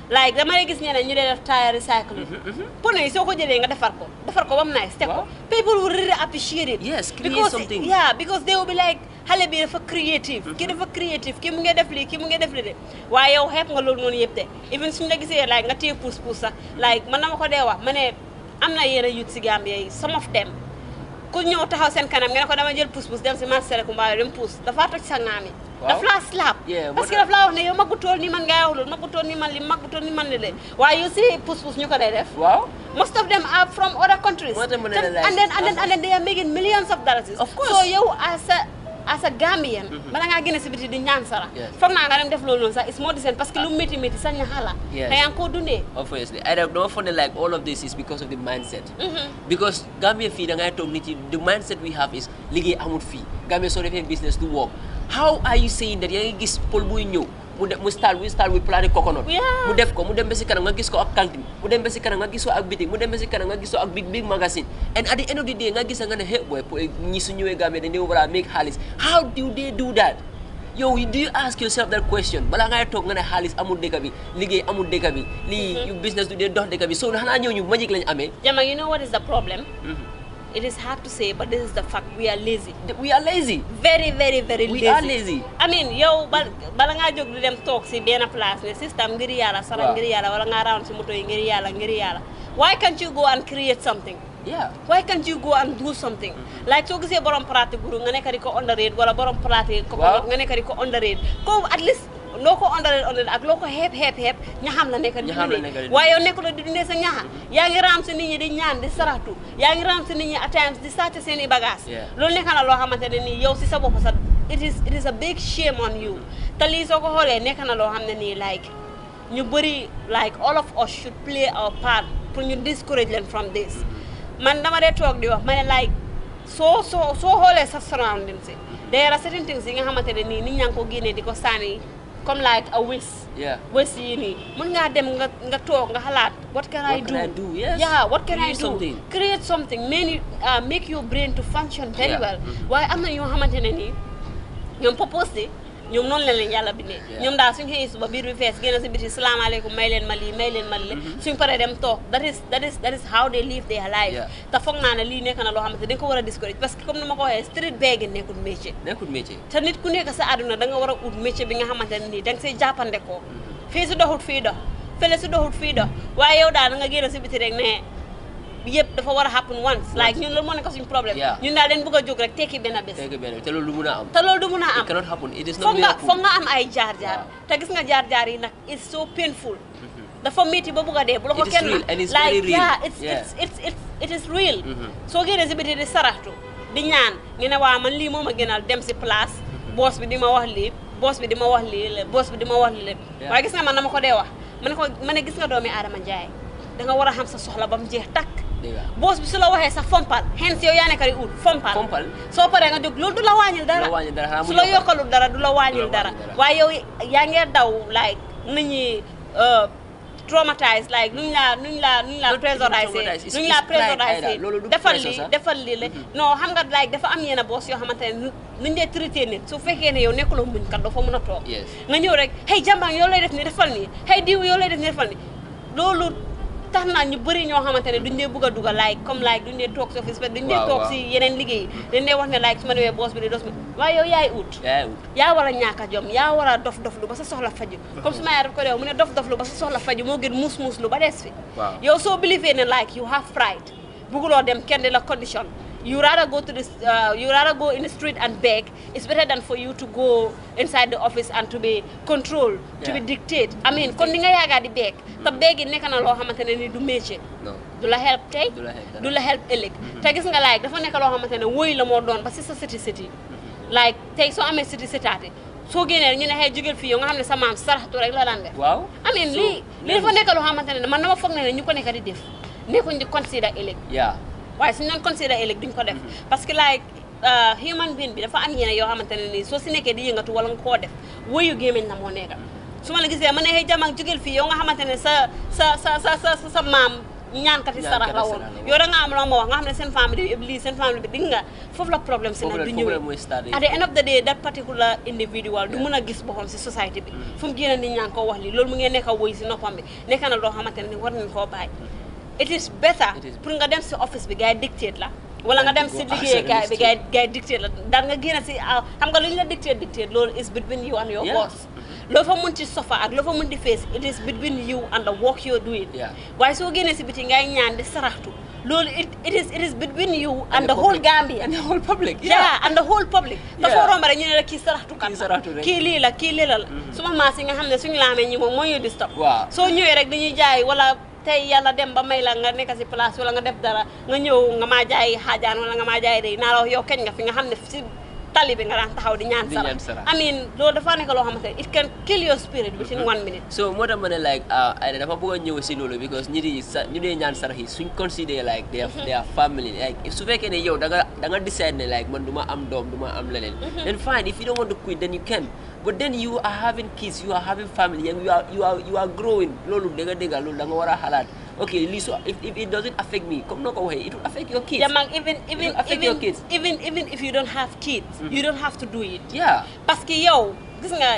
like dama lay gis ñeneen ñu dee def tire recycling. Mm-hmm, mm-hmm. pono yi soo ko jëlee nga defar ko defar ko ba mu nice teg ko. people will really appreciate it. yes create something yeah because they will be like xale bi dafa creative. Mm-hmm. creative kii mu ngi def lii kii mu ngi def lii de waaye yow xeeb nga loolu noonu yëpp de even suñu la gisee like nga téye pousse pousse sax like man dama ko dee wax ma ne am na yeneen youth si Gambia yi some of them. ku ñëw taxaw kanam nga ko dama jël puus-puus dem si marché Serekunda mbaa dem puus dafa toj sa naam yi daf laa slap parce que daf laa wax ne yow maggutool ni man ngay wax loolu maggutool ni man li maggutool ni man li de waaye yow si puus-puus ko day def most of them are from other countries and then they are making millions of dollars of course so yow as as a Gambian mm-hmm. bala ngaa génne si biti di ñaan sara foog naa nga dem def loolu noonu sax is moo parce que lu métti métti sañ na xala te yaa obviously I don't know for like all of this is because of the mindset mm-hmm. because Gambia fii da ngay toog nit yi the we have is liggéey amul fii Gambia soo defee business du work how are you saying that yaa ngi gis pël buy ñëw mu def mu staal wi staal wi plané coconut mu def ko mu dem ba si kanam nga gis ko ak cantine mu dem ba si kanam nga gis ko ak bitik mu dem ba kanam nga gis ko ak big big magazine and at the end of the day nga gis nga ne hey boy ñi su ñëwee Gambia dañ make halis. how do they do that Yo, do you ask yourself that question bala ngay toog nga ne xaalis amul dëkk bi liggéey amul bi mm-hmm. business du dia dox dëkk bi so xanaa nah, you ñu magic lañ amee jama you know what is the problem mm -hmm. it is hard to say but this is the fact we are lazy. very very very lazy. I mean yow bala ngaa jóg dem toog si benn place ne system ngir yàlla. waaw sara ngir yàlla wala ngaa round si moto yi ngir yàlla ngir yàlla. why can't you go and create something. yeah why can't you go and do something. Mm-hmm. like soo gisee borom pratique guru nga nekk di ko underrate wala borom pratique. waaw nga nekk di ko underrate. kooku at least. loo ko ondaleen ondaleen ak loo ko xeeb xeeb xeeb ñaxam la nekk di dundee waaye yow nekk yaa ngi raam si nit ñi di ñaan di saratu yaa ngi raam si nit ñi at times di sàcc seen i bagage loolu nekk na loo xamante ne nii yow si sa bopp sa it is it te lii soo ko xoolee nekk na loo xam ne nii like ñu bëri like all of us should play our part pour ñu discourage leen from this mm-hmm. man dama dee toog di wax ma ne like soo soo soo xoolee sa surrounding si there are certain things yi nga xamante ne nii nit ñaa ngi ko génnee di ko sànni comme like a wish. yeah wish yii nii mën ngaa dem nga nga toog nga xalaat. what can I do what can I do yes. yeah what can I do create something many uh, make your brain to function very well mm-hmm. waaye am na ñoo xamante ne nii ñoom propose ñoom noonu la leen yàlla bindee ñoom daal suñ xëyee suba biir bi fees génn si biti salaamaaleykum may leen ma lii may leen ma lii mhm. suñ paree dem toog that is how they live their life te foog naa lii nekk na loo xamante dañ ko war parce que comme ni ko waxee street begging nekkul métier nekkul métier nit ku nekk sa àdduna da ut métier bi nga xamante ne nii da nga see jàppande ko mhm. fii si doxut fii dox fële si doxut fii dox waaye yow daal da nga génn si rek ne yep dafa wara a happen once like ñun lool mo nekk suñu problème ñun dal dañ bëgg jog rek teki benn bés teki benn te lool du mëna am te lool du mëna am cannot happen it is not real. foog nga am ay jaar jaar te gis nga jaar jaar yi nak it's so painful mm-hmm. dafa metti ba bëgg dé bu lako kenn like yeah it's it's it's it's it is real mm-hmm. So génnee si biti di saraxtu di ñaan ñu ne wa man li moma gënal dem si place mm-hmm. boss bi di ma wax li boss bi di ma wax li boss bi di ma wax li la gis nga man na ko dé wax man ko ma gis nga doomi aadama da nga wara xam sa soxla bam jeex tak boos bi su la waxee sax fompal hens yow yaa nekkari ut fompal soo paree nga jóg loolu du la wàññil dara su la yokkalul dara du la wàññil dara waaye yow yaa ngee daw like nit ñi euh, traumatise like nuñ laa nuñ laa nuñ laa pressuriser nuñ laa pressuriser defal lii defal lii la mm-hmm. xam nga like dafa am yenn boos yoo xamante ne nuñ dee traité nit su fekkee ne yow nekkuloo muñ kat doo fa mën a toog nga ñëw rek hey jàmbaang yow lay def ni defal nii hey diw yow lay def ni defal nii loolu tax naa ñu bëri ñoo xamante ne duñ dee bëgg a dugal like comme like duñ dee toog dee toog si yeneen liggéey dañ dee wax ne like su ma demee boos bi di dos ma waaye yaay ut yaa war a ñàkk a jom yaa war a dof dof lu ba sa soxla faju comme su ma yaay daf ko muus muus lu ba des fi yow soo bilifee ne like you have pride bugguloo dem kenn di la condition you rather go to this, uh, you rather go in the street and beg. It's better than for you to go inside the office and to be controlled, yeah. to be dictated. I mean, kon di nga yaga di beg. te beg yi nekk na loo xamante ni du métier. du la help tey. Dula help elek. du la mm-hmm. gis nga like dafa nekk loo xamante ne woy la moo doon ba si sa city city. Mm-hmm. like tey so amee city city soo génnee ñu ne xëy jógal fi yow nga xam ne sa maam saraxatu rek la daan def. waaw amiin lii lii dafa nekk loo xamante ne man dama foog ne ne ñu ko nekk di def nekkuñ di consider ëllëg. waaye si doon considéré ëllëg duñ ko def mm-hmm. parce que like uh, human being bi dafa am yéene yoo xamante ne nii soo si nekkee di yëngatu wala nga koo def wéyu gémmiñ na moo nekka su ma la gisee ma ne xëy jamag jógal yow nga xamante ne sa sa sa sa sa sa maam woon yow da nga am wax nga ne seen famille bi di nga foofu la problème si nag du ñëwee at a gis boppam si société bi mm. fu mu génne nit ñaa wax lii loolu mu ngi nekk woy si noppam bi nekk na loo xamante ne ni war nañ koo bàyyi mm. it is better pour nga dem si office bi gars yi dictate la wala nga dem si liggéeykaay bi gars yi gars yi dictate la daal nga génn si ah, xam nga lu ñu la dictate dictate loolu is between you and your boss mm-hmm. loo fa mun ci sofa ak loo fa mun di face it is between you and the work you're doing waaye soo génnee si biti ngay ñaan di saraxtu loolu it is between you and the whole Gambia yeah and the whole public dafa romb rek ñu di stop mm-hmm. soo ñëwee tey yàlla dem ba may la nga nekk si place wala nga def dara nga ñëw nga maa jaay xaajaan wala nga maa jaay day naa la wax yow keñ nga fi nga xam ne si tali bi nga daan taxaw di ñaan sara I mean loolu dafa nekk loo xamante ne it can kill your spirit within one minute so moo tax ma ne like ah, Aida dafa bëgg a si loolu because ñi di ñu dee ñaan sarax yi suñ consider like mhm. their family like su fekkee ne yow da nga da nga decide ne like man du ma am doom du am leneen mhm. then fine if you don't but then you are having kids you are having family and you are you are you are growing loolu da dega dégga loolu da nga war okay lii if, if it doesn't affect me come no go waxee it will affect your kids. yeah man even even affect even, your kids. even even if you don't have kids. Mm -hmm. you don't have to do it. yeah parce que yow gis nga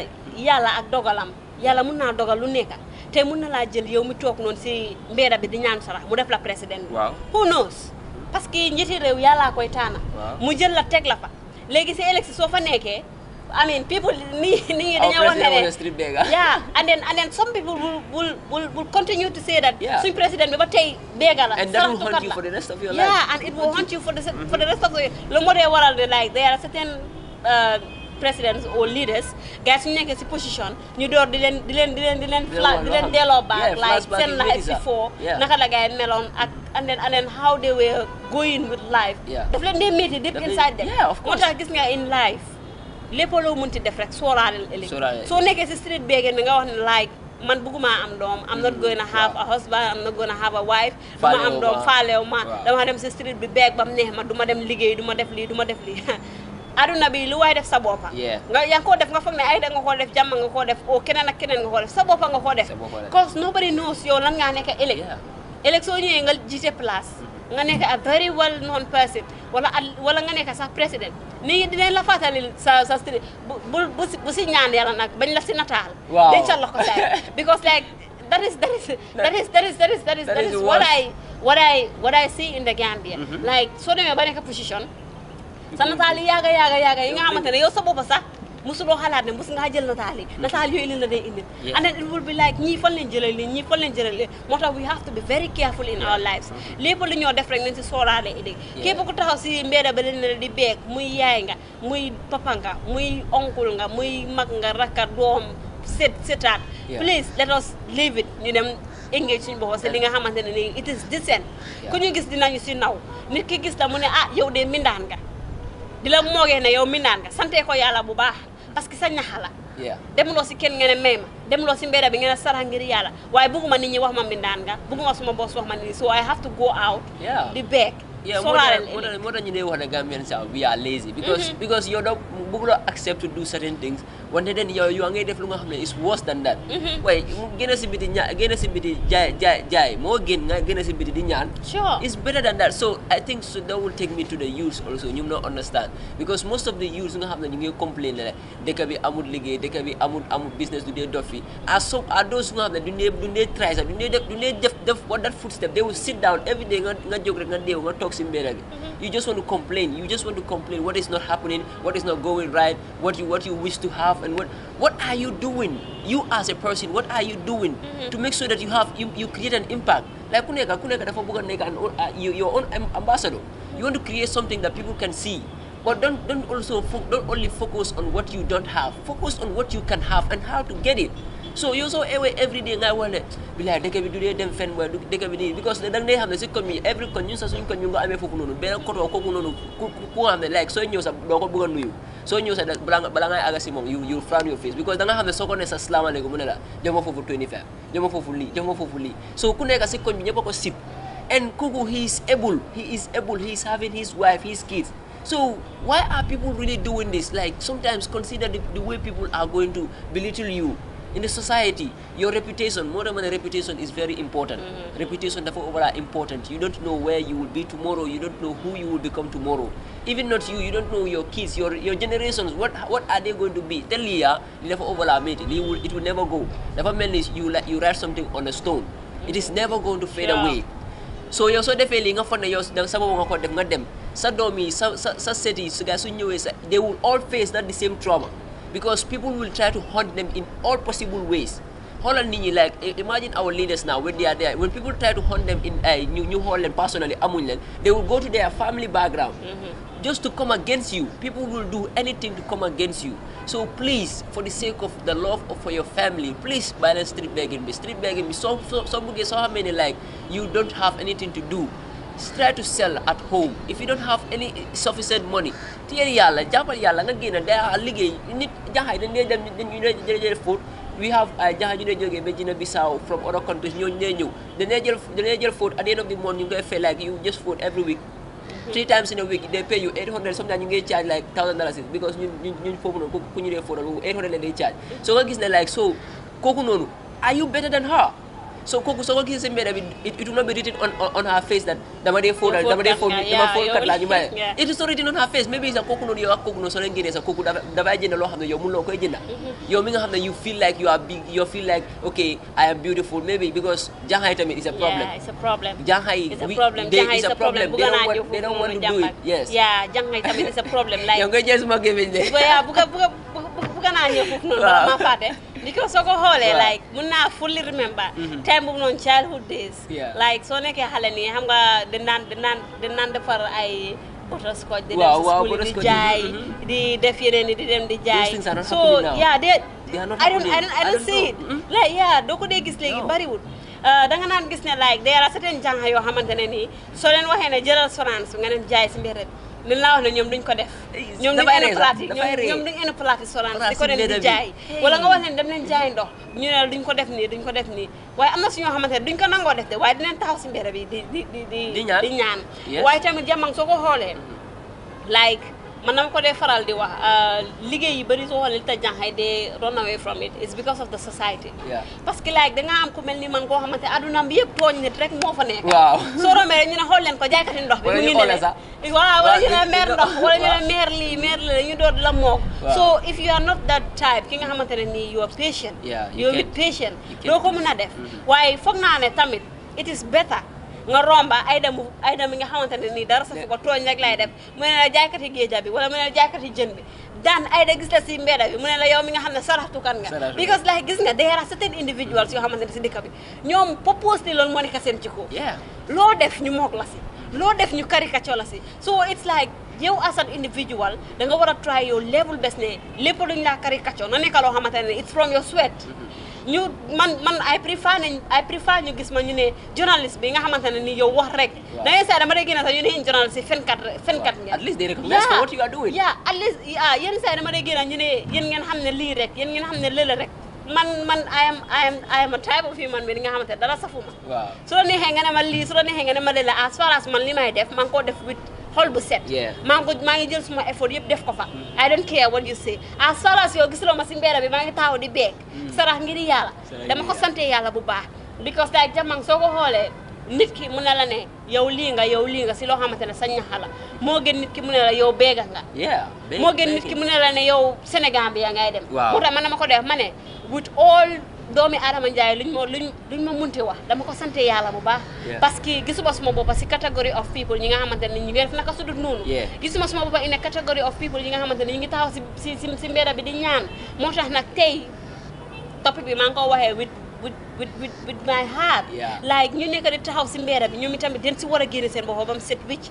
yàlla ak dogalam yàlla mun naa dogal lu nekk te mun na laa jël yow mi toog noonu si mbeera bi di ñaan sarax mu def la président waaw who knows parce que ñetti réew yàllaa koy taana mu jël la tek la fa legi si élection soo fa nekkee I mean, people need (laughs) need Our strip there. (laughs) Yeah, and then and then some people will will will, will continue to say that yeah. swing president we take beggar. And that will haunt you for the rest of your yeah, life. Yeah, and it will haunt you for the for the mm-hmm. rest of the world. Like there are certain. Uh, presidents or leaders getting ñu nekk position You do not leen di leen di leen di leen di leen like ten life before naka la gars yi and then and then how they were going with life Yeah, Definitely they made a deep inside them moo tax gis nga in life lépp mun ti def rek sóoraale ëllëg soo nekkee si street beggee bi nga wax ne like man bëgguma am doom am not mm. going a have a husband am not going to have a wife duma am doom faalew ma dama dem si street bi beeg bam neex ma duma dem liggéey duma def lii duma def lii (laughs) na bi lu waay def sa boppa nga yaa ngi def nga foog ne ay da nga koo def jàmm nga koo def o keneen a keneen nga koo def sa boppa nga koo def cause nobody knows yow lan ngaa soo ñëwee nga jiite place mm-hmm. nga nekk a very well known person wala wala nga nekk sax président nit ñi dinañ la fàttali sa sa bu bu si ñaan yàlla nag bañ la si nataal. waaw dañ sa loxo saay (laughs) because like that is that is that is that is that is that is that is what I what see in the Gambia. Mm-hmm. like soo demee ba nekk position. sa nataal yi yaaga yaaga yaaga yi nga xamante ne yow sa bopp sax. mosuloo xalaat ne mos ngaa jël nataal yi mm. nataal yooyu leen la day indil and then it will be like ñii fan leen jëlee lii ñii moo tax we have to be very careful in our lives mm-hmm. lépp lu ñoo def rek nañ si sóoraale ëllëg képp ku taxaw si mbedd ba leen la di beeg muy yaay nga muy papa nga muy oncle nga muy mag nga rakka doom set setaat please let us leave it ñu dem engage suñu bopp si li nga xamante ne nii it is decent ñu gis dinañu si naw ni ki gis la mu ne ah yow de mindaan nga di la moogee ne baax parce que sa ñax dem demuloo si kenn ngeen ne may ma si mbedd bi ngeen ne sarax ngir yàlla waaye bëgguma nit ñi wax ma mbindaan nga bëgguma suma boss wax ma nit ñi so I have to go out. di beeg. yeah, more than you know what the Gambians are, we are lazy because mm-hmm. because you don't accept to do certain things. One day then you you are def lu nga xamne is worse than that. Mm-hmm. Way gëna ci biti gëna ci biti jaay jaay jaay mo gën nga gëna ci biti di ñaan. Sure. It's better than that. So I think so that will take me to the youths also you not understand because most of the youths nga xamne ñu ngi complain la dëkk bi amul liggéey dëkk bi amul amul business du dee dof yi à so à those nga xamne du dee du dee try sax du dee def du dee def def what that footstep they will sit down every day nga nga jóg rek nga deew nga toog Mm-hmm. You just want to complain. You just want to complain what is not happening, what is not going right, what you what you wish to have, and what what are you doing? You as a person, what are you doing mm-hmm. to make sure that you have you, you create an impact? Like kuneka kuneka uh, your own ambassador. You want to create something that people can see. But don't don't also fo- don't only focus on what you don't have. Focus on what you can have and how to get it. so yow soo eewee everyday ngay wax ne bilaay dëkk bi du dee dem fenn waaye du dëkk bi nii because da nga dee xam ne si commune every sa ñun sax suñu commune nga amee foofu noonu benn koto kooku noonu ku ku ne like soo ñëw sax doo ko bëgg a nuyu soo ñëw sax balaa balaa ngay àgg si moom you you frown your face because da nga ne soo ko ne sa salaamaaleykum mu ne la dama foofu 25 dama foofu lii dama so ku nekk si commune ñëpp a ko sib and kooku he is able he is able in the society your reputation more than reputation is very important mm -hmm. reputation therefore overall important you don't know where you will be tomorrow you don't know who you will become tomorrow even not you you don't know your kids your your generations what what are they going to be tell you therefore overall mate it will it will never go never mainly you you write something on a stone it is never going to fade yeah. away so you so they failing. of foog ne yow sa bopp nga ko def nga sa sa sa su su sa they will all face that the same trauma because people will try to hunt them in all possible ways Holland, Nini, like imagine our leaders now when they are there when people try to hunt them in a new, new Holland, personally amuñ they will go to their family background just to come against you people will do anything to come against you so please for the sake of the love of for your family please balance street begging be street begging be. Some, some soo bëggee soo xamee like you don't have anything to do try to sell at home if you don't have any sufficient money teel yàlla jàppal yàlla nga génn day liggéey nit jaxaay dañ dee dem ñu ne jël food we have uh, jaxaay ñu ne jógee ba Guinea Bissau from other countries ñooñu nee ñëw dañuy jël dañuy jël food at the end of the month You ngi koy like you just food every week mm-hmm. three times in a week they pay you 800 sometimes you get charged like thousand dollars because ñun ñun ñun foofu noonu ku ñu dee foodal 800 la day charge mm-hmm. so nga gis ne like so kooku noonu are you better than her so kooku soo ko gisee si mbedd bi it will not be written on on her face that dama dee fóonal dama dee fóon dama fóon kat laa ñu bàyyi it is not written on her face maybe sax kooku noonu yow ak kooku noonu soo leen génnee sax kooku dafay jënd loo xam ne yow mënuloo koy jënda mm-hmm. yow mi nga xam ne you feel like you are big you feel like okay I am beautiful maybe because jaxaay tamit is a problem jaxaay is a problem they don't want to do it yes jaxaay tamit is a problem like (laughs) yow nga jël suma gémmiñ de bugg naa ñëw bala maa fàtte because soo ko xoolee like mun naa fully remember mhm. time boobu noonu childhood days like soo nekkee xale nii xam nga dañ naan dañ naan dañ naan defar ay butterscotch di dem school di jaay mhm, mhm. di def yeneen yi di dem di jaay so yeah de I don't I don't I don't doo ko dee gis léegi bariwul uh, danga naan gis ne like there a certain jàng yoo xamante ne nii soo leen waxee ne jëlal sorance bi nga dem jaay si mbir li la wax ne ñoom ko def. ñoom dañ leen a platé ñoom a platé Sorano di ko dem di jaay. wala nga wax leen dem leen jaay ndox ñu ne la ko def nii duñ ko def nii waaye am na suñoo xamante ne duñ ko nangoo def de waaye dinañ taxaw si mbedd bi di di di di. di ñaan waaye tamit jamang soo ko xoolee mm-hmm. like man dama ko de faral di wax euh, liggéey yi bëri soo xoolee li tax jànxay dee run away from it it's because of the society. parce que like dangaa am ku mel ni man koo xamante adduna bi yëpp tooñ nit rek moo fa nekk. ne xool leen ko jaaykati ndox bi. mu ngi ne sax waaw wala ñu ne meer ndox wala ñu ne meer lii meer lii ñu doon la mook. so if you are not that type ki nga xamante ne nii you are patient. you are patient doo ko mën a def mm-hmm. waaye foog naa ne tamit it is better. nga romba ay dem ay dem mi nga xamante ne nii dara sa fi ko tooñ lay def mu ne la jaaykati géeja bi wala mu ne la jaaykati jën bi daan ay da gis la si mbedda bi mu ne la yow mi nga xam ne saraxtukan nga because like gis nga there are certain individuals yoo xamante ne si dëkk bi ñoom propose ni loolu moo nekk seen ci kaw loo def ñu moog la si loo def ñu caricature la si so it's like yow as individual da nga war a try your level best ne lépp luñ laa caricature na nekk loo xamante ne it's from ñu man man ay prix fois nañ ay prix fois ñu gis ma ñu ne journaliste bi nga xamante ne nii yow wax rek. waaw da ngay seet dama day génne sax ñu ne yéen journaliste yi fenkat fenkat at least day recognize what you are doing. yeah at least ah, ne yéen ngeen xam ne lii rek yéen ngeen xam ne lële rek. man man I am I am I am a type of human being nga xamante dara safuma waaw su la neexee nga ne ma lii su la neexee nga ne ma lee la as far as man li may def man ko def wit xol bu set maa ngi maa ngi jël suma effort yëpp def ko fa mm-hmm. I don't care what you say as far as yow gisuloo ma si mbeera bi maa ngi taxaw di beeg mm. sarax ngir yàlla dama ko sante yàlla bu baax because like jamang soo ko xoolee nit ki mu ne la ne yow lii nga yow lii nga si loo xamante ne sa ñaxa la moo gën nit ki mu ne la yow béega nga moo gën nit ki mu ne la ne yow Sénégal bi yaa ngay dem moo tax man dama ko def ma ne with all doomi Adama Ndiaye luñ ma luñ luñ ma munti wax dama ko sante yàlla bu baax. parce que gisuma suma boppa si catégorie of people ñi nga xamante ne ñu ngi def naka su dul noonu. gisuma suma boppa ine catégorie of people ñi nga xamante ne ñu ngi taxaw si si si si bi di ñaan moo tax nag tey topic bi maa ngi ko waxee wit with with with with my heart. like ñu nekk di taxaw si mbeera bi ñoom itamit den si war a génne seen bopp ba mu set wicc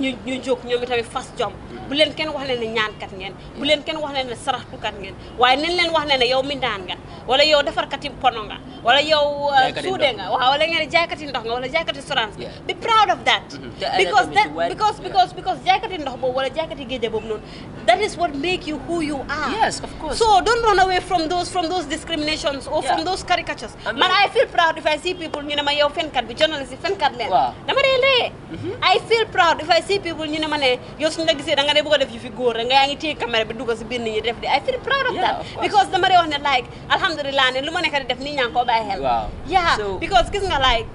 ñu ñu jóg ñoom itamit fas jom. bu leen kenn wax ne ne ñaankat ngeen. bu leen kenn wax ne ne saraxtukat ngeen waaye nañ leen wax ne ne yow mi daan nga. wala yow defarkati pono nga wala yow uh, suude nga waaw wala ngeen jaaykati ndox nga wala jaaykati sorance be proud of that mm-hmm. because that because because because jaaykati ndox boobu wala jaaykati géeja boobu noonu that is what make you who you are yes of course so don't run away from those from those discriminations or from those caricatures man I feel proud if I see people ñu ne ma yow fenkat bi journalist yi fenkat leen dama dee ree mm-hmm. I feel proud if I see people ñu ne ma ne yow suñu la gisee da nga dee bëgg a def yu fi góor nga yaa ngi caméra bi dugg si biir ñi def di I feel proud of that because dama dee wax ne like alhamdulillah alhamdulilah ne lu ma nekk def nit ñaa ngi koo bàyyi xel. waaw yeah because gis nga like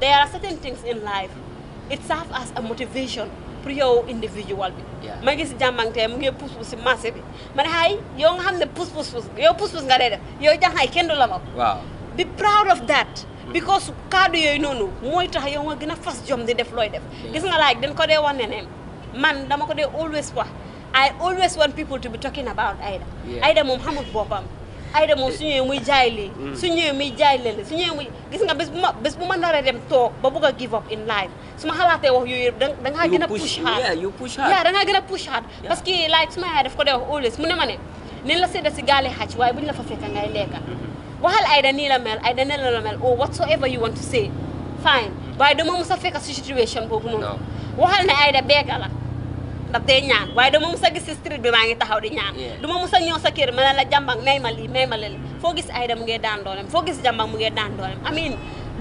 there are certain things in life it serves as a motivation pour individual ma gis jàmbang tey mu ngi pousse si bi ma ne xay yow nga xam ne pousse pousse pousse yow pousse pousse nga dee def yow jàngaay kenn du la law. waaw be proud of that. Mm. because kaddu yooyu noonu mooy tax yow nga gën a fas jom di def looy def. gis nga like dañ ko dee wan ne man dama ko dee always wax I always want people to be talking about Aida. Aida moom xamul boppam. Aïda moom su ñëwee muy jaay lii su ñëwee muy jaay lële su ñëwee muy gis nga bés bu ma bés bu ma naree dem toog ba bugg a give up in life su ma xalaatee wax yooyu yëpp da ngaa gën a push hard Yeah, you push hard Yeah, da ngaa gën a push hard parce que like su ma yaay daf ko dee wax always mu ne ma ne nin la sedda si gaale xaj waaye buñ la fa fekk ngay lekka waxal Aïda nii la mel Aïda nee la mel or whatsoever you want to say fine waaye dama mus a fekk si situation boobu noonu waxal ne Aïda beega la daf dee ñaan waaye dama mus a gis si street bi maa ngi taxaw di ñaan du ma mus a ñëw sa kër ma ne la jàmbang may ma lii may ma lële foo gis Aida mu ngee daan doolem foo gis jàmbang mu ngee daan doolem amiin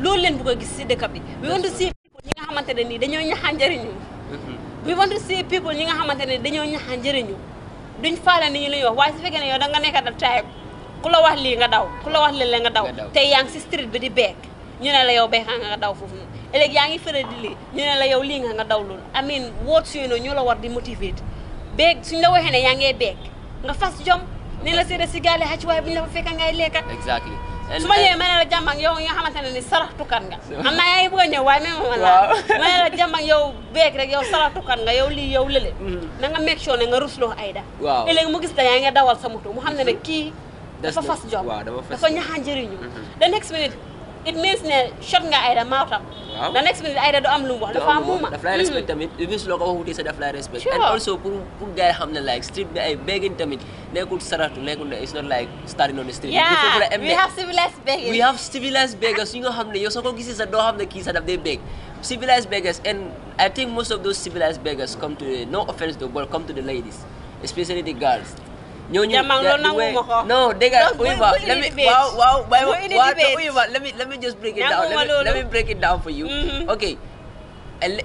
loolu leen bu ko gis si dëkk bi we xamante ne nii dañoo ñaxaa njëriñu mm-hmm. we want to see people ñi nga xamante ne dañoo ñaxaa njëriñu duñ faale ni ñu la ñu wax waaye ne da nga nekk da taay ku la wax lii nga daw ku la wax la nga daw tey yaa ngi si bi di beek ñu ne la yow beekaa nga daw foofu léegi yaa ngi fëra di lii ñu ne la yow lii nga nga dawlul amin woot suy na ñoo la war di motiver beeg suñ la waxee ne yaa ngee beeg nga fas jom ne la séeda si gaale xaj waaye bu ñu la fa fekka ngay lekkat exactly su ma ñëwee ma ne la jàmbang yow nga xamante ne ni saraxtukat nga naa yaa a ñëw waaye même ma laa (laughs) ma ne yow beeg rek yow saraxtukat nga yow lii yow lële mm-hmm. na nga make sure ne nga rusloo Aida léegi mu gis la yaa ngi dawal sa moto mu xam ne ne (laughs) kii dafa fas jom dafa ñaxa njëriñu mm-hmm. the next minute it means ne shot nga Aida moutham. the next minute Aida do am lu mu wax. dafa mu ma daf lay respect tamit it means loo ko waxutee sax fly lay respect. and also pour pour gars yi like street bi ay begging tamit start saratu nekkul ne it's not like starting on the street. yeah we have civilized beggars. we have civilized beggars You know xam ne yow soo ko gisee do doo xam ne kii sax daf day beg. civilized beggars and I think most of those civilized beggars come to the no offense though but come to the ladies especially the girls. No, no, no, no they got. uyuba let me let me let me just break it down let me, let me break it down for you mm-hmm. okay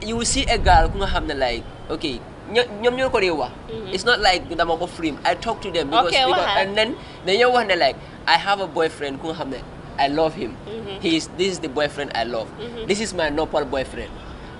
you will see a girl ku have xam like okay ñoom ñoo mm-hmm. it's not like the ko frame I talk to them because, okay, because and then dañoo wax ne like I have a boyfriend ku nga I love him mm -hmm. he is this is the boyfriend I love mm -hmm. this is my normal boyfriend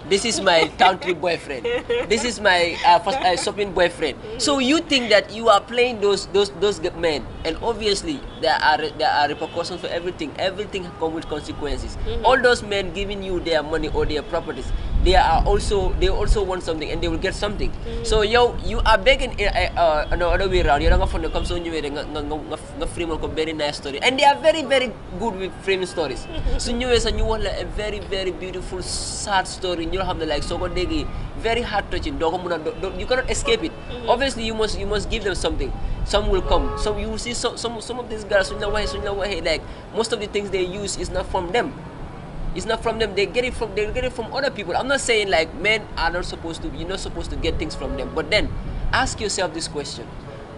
this is my country boyfriend. This is my uh, first, uh, shopping boyfriend. So you think that you are playing those those those men, and obviously there are there are repercussions for everything. Everything comes with consequences. Mm -hmm. All those men giving you their money or their properties, they are also they also want something and they will get something mm. so yo you are begging eh, eh, uh, uh, no other way around you don't from the come so new nga nga frame frame ko very nice story and they are very very good with framing stories (laughs) so new is a new one like a very very beautiful sad story you have the like so go degi very heart touching do you cannot escape it mm-hmm. obviously you must you must give them something some will come so you will see some some, some of these girls you know why so you know like most of the things they use is not from them it's not from them. They get it from they get it from other people. I'm not saying like men are not supposed to. You're not supposed to get things from them. But then, ask yourself this question: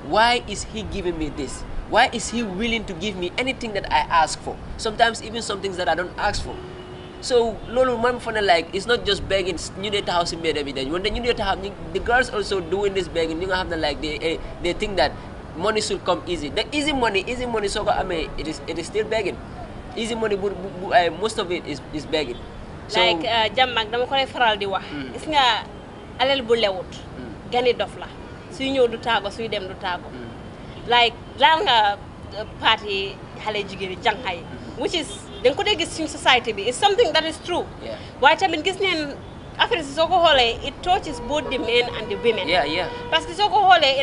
Why is he giving me this? Why is he willing to give me anything that I ask for? Sometimes even some things that I don't ask for. So lolo man for like it's not just begging ñu day taxaw si mbedd bi When you need to have the girls also doing this begging ñu nga have the like they eh, they think that money should come easy the easy money easy money So I mean, it is it is still begging easy money bu bu eh, most of it is is like uh, jàmm dama ko lay faral di wax. Hmm. gis nga alal bu lewut. Hmm. gani dof la suy ñëw du taago suy dem du taago. Hmm. like laal nga uh, party xale jigéen yi jànqa yi. which is da nga ko dee gis suñ society bi it's something that is true. waaye tamit gis neen affaire si soo ko xoolee it touches both the men and the women. parce que soo ko xoolee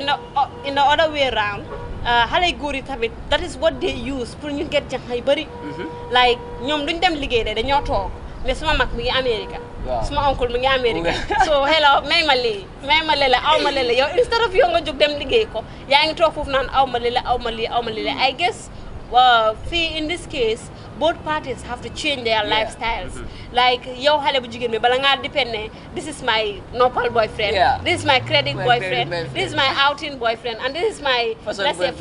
in the other way round. xale uh, góor yi tamit that is what they use pour ñu get jàng yu bëri. like ñoom duñ dem liggéey de dañoo toog mais suma mag mu ngi America. suma oncle mu ngi America. (laughs) so hello may ma lii may ma lii la aw ma lii la yow instead of yow nga jóg dem liggéey ko yaa ngi toog foofu naan aw ma lii la aw ma lii aw ma lii I guess. well, in this case, both parties have to change their yeah. lifestyles. Mm Like yow xale bu jigéen bi bala ngaa depend ne this is my noppal boyfriend. Yeah. this is my credit my boyfriend. boyfriend. this is my outing boyfriend and this is my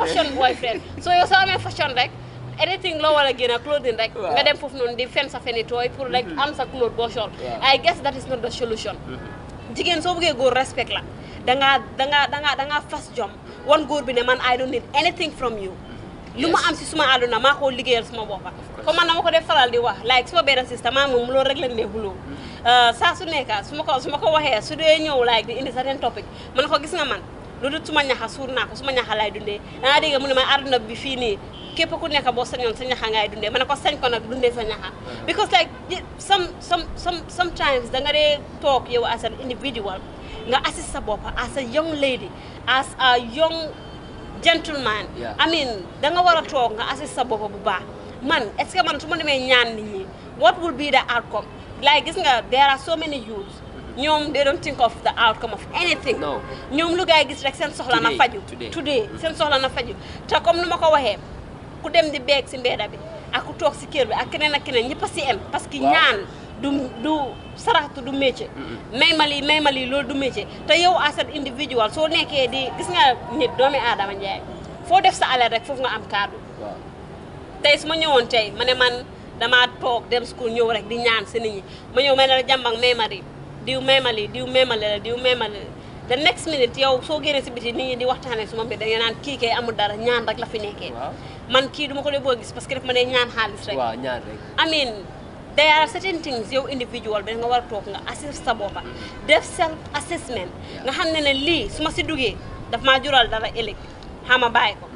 fashion boyfriend. (laughs) so yow soo amee fashion rek anything loo war a clothing rek. nga dem foofu noonu di fen sa feni tooy pour rek mm-hmm. am sa clothes boo sol. I guess that is not the solution. Mm-hmm. jigéen so bëggee góor respect la dangaa dangaa dangaa dangaa fas jom wan góor bi ne man I don't lu ma am si suma àdduna maa ko liggéeyal suma boppa comme man na ma ko def faral di wax like suma benn sista maa moom loolu rek lañ dee xuloo saa su nekk su ma ko su ma ko waxee su dee ñëw like di indi certain topic man ko gis nga man lu dul suma ñaxa suur naa ko suma ñaxa laay dundee dangaa dégg mu ne ma àdduna bi fii nii képp ku nekk boo sañoon sa ñaxa ngay dundee ma ne ko sañ ko nag dundee sa ñaxa mm-hmm. because like some some some sometimes da nga dee toog yow as an individual nga assist sa bopp as a young lady as a young gentleman amin da nga war a toog nga assist sa bopp bu baax man est ce que man su ma ñaan nit ñi what will be the outcome like gis nga there are so many youths ñoom they don't think of the outcome of anything ñoom lu gaay gis rek seen soxla na faju today mm-hmm. seen soxla na faju te comme nu ma ko waxee ku dem di beek si mbeeda bi ak ku toog si kër bi ak keneen ak keneen ñëpp a si am parce que ñaan du du saraxtu du métier may ma lii may ma du métier te yow à cet individual so nekkee di gis nga nit doomi adam njaay fo def sa alal rek foofu nga am cadeau tay suma ñewon tay mané man dama tok dem school ñew rek di ñaan si nit ñi ma ñew may la jambang may ma lii diw may ma lii diw may la diw may the next minute yow so génnee ci biti nit ñi di waxtané suma mbé da nga naan ki kay amu dara ñaan rek la fi nekkee man ki duma ko lay bo gis parce que daf mané ñaan xaliss rek wa ñaan rek amin there are certain things yow individual bi nga war a toog nga assess sa boppa def self assessment nga xam ne ne lii su si duggee daf maa jural dara ëllëg xama bàyyi ko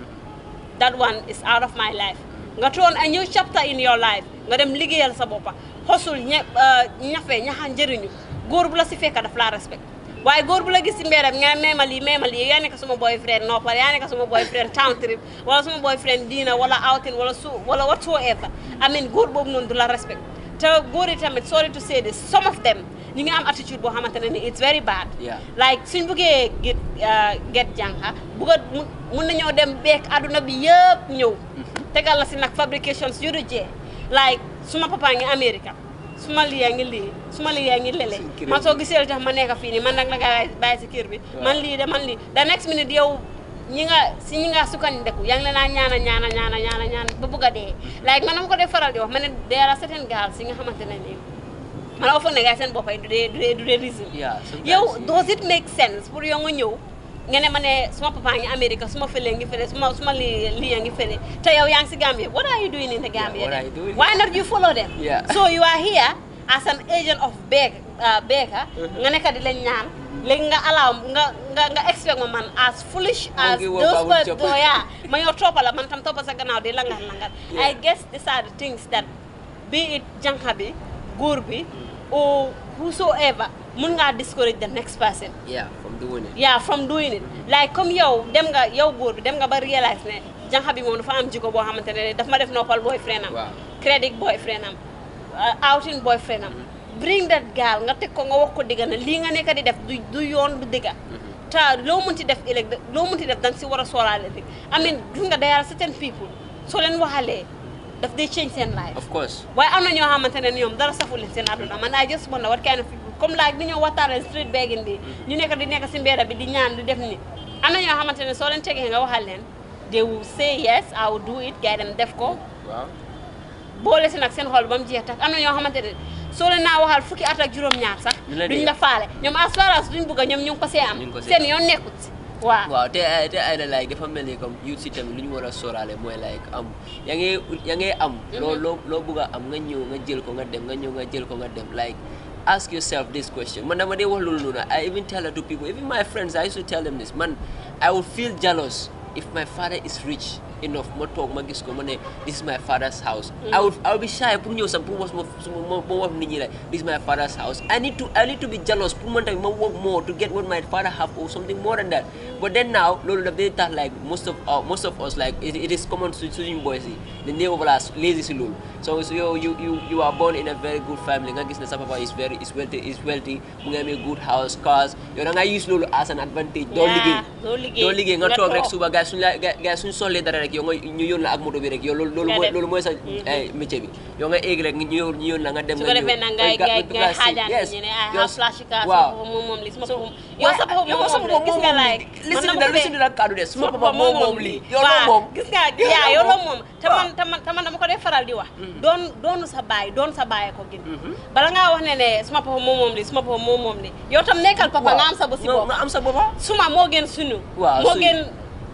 that one is out of my life nga toon a new chapter in your life nga dem liggéeyal sa boppa xosul ña euh, ñafe ñaxa njëriñu góor bu la si fekka daf laa respect waaye góor bu la gis si mbeeram nga meema lii meema lii yaa nekk suma boyfriend noppal yaa nekk suma boyfriend town trip wala suma boyfriend diina wala outing wala su wala whatsoever I mean góor boobu noonu du la respect te góor yi tamit sorry to say this some of them ñu ngi am attitude boo xamante ne ni it's very bad. like suñ buggee get uh, get jànqa bugg a mun nañoo dem beek àdduna bi yëpp ñëw. Mm-hmm. tegal la si nag fabrications yu du jee like suma papa ngi Amérique suma lii yaa ngi lii suma lii yaa ngi lele. man soo gisee tax ma nekk fii ni man nag la nga bàyyi si kër bi. man lii de man lii the next minute yow. ñi nga si ñi nga sukkandiku yaa ngi leen na ñaana ñaana ñaana ñaana ñaana ba bugg a dee like ma dama ko dee faral di wax ma ne there are certain girls si nga xamante ne nii ma ofo ne gaay seen boppay du dee du dee du dee reason yow does it make sense pour yow nga ñëw nga ne ma ne suma papa ngi Amérique suma fële ngi fële suma suma lii lii a ngi fële te yow yaa ngi si Gambia what are you doing in the Gambia why not you follow them so you are here as an agent of Baker uh, Baker uh-huh. nga nekk di le ñaan léegi nga allow nga expect ma man as foolish as those but do ma yow toppa la man tam toppa sa gannaaw di langal langal I guess these are the things that be it janxa bi góor bi mm. or whosoever mun ngaa discourage the next person yeah from doing it yeah mm-hmm. like comme yow dem nga yow góor bi dem nga ba realize ne janxa bi moom fa am jiko boo xamante ne daf ma def noppal boyfriend am credit boyfriend am uh, outing boyfriend am mm-hmm. bring that girl nga teg ko nga wax ko dëgg na lii nga nekk di def du du yoon du dëgg mhm. te loo munti def ëllëg loo ti def danga si war a sóoraale rek amin gis nga dayal certain people soo leen waxalee daf day change seen life. of course waaye am na ñoo xamante ne ñoom dara saful leen seen àdduna man I just wonder what kind of people comme laaj bi ñoo waxtaanee street begging bi ñu nekk di nekk si bi di ñaan di def ni am na ñoo xamante ne soo leen tegee nga waxal leen they will say yes I def ko. boole si nag seen xol ba mu jeex tax am na ñoo xamante ne. soo leen naa waxal fukki at ak juróom-ñaar sax duñ la faale ñoom assurance duñ bëgg a ñoom ñu ngi ko see am seen yoon nekkut waaw waaw te te ay na like dafa mel ni comme youth si tamit lu ñu war a sóoraale mooy like am yaa ngi yaa ngi am mhm. loo loo loo bëgg a am nga ñëw nga jël ko nga dem nga ñëw nga jël ko nga dem like ask yourself this question man dama dee wax loolu noonu I even tell it to people even my friends I used to tell them this man I would feel jealous if my father is rich enough ma toog ma gis ko ma this is my father's house I would I would be shy pour ñëw sax pour wax ma ma wax nit ñi la this is my father's house I need to I need to be jealous pour man tamit ma work more to get what my father have or something more than that but then now loolu daf day tax like most of uh, most of us like it, it is common to suñu boys yi dañ dee voilà lazy si loolu so, so yow you, you you are born in a very good family nga gis ne sa papa is very is wealthy is wealthy mu ngi a good house cars yow da nga use loolu as an advantage do doo liggéey do liggéey nga toog rek suba gars suñu la gars suñu soxlee dara rek yow nga ñu yónni la ak moto bi rek yow loolu loolu mooy loolu mooy sa mm-hmm. eh, métier bi yow nga éegi rek ñu yónni ñu moom moom di wax mm-hmm. doon doonu sa baay doon sa baay ko gën mm-hmm. bala ngaa wax ne ne suma papa moom moom lii suma papa moom moom lii yow tam nekkal papa nga am sa bopp suma moo gën sunu moo gën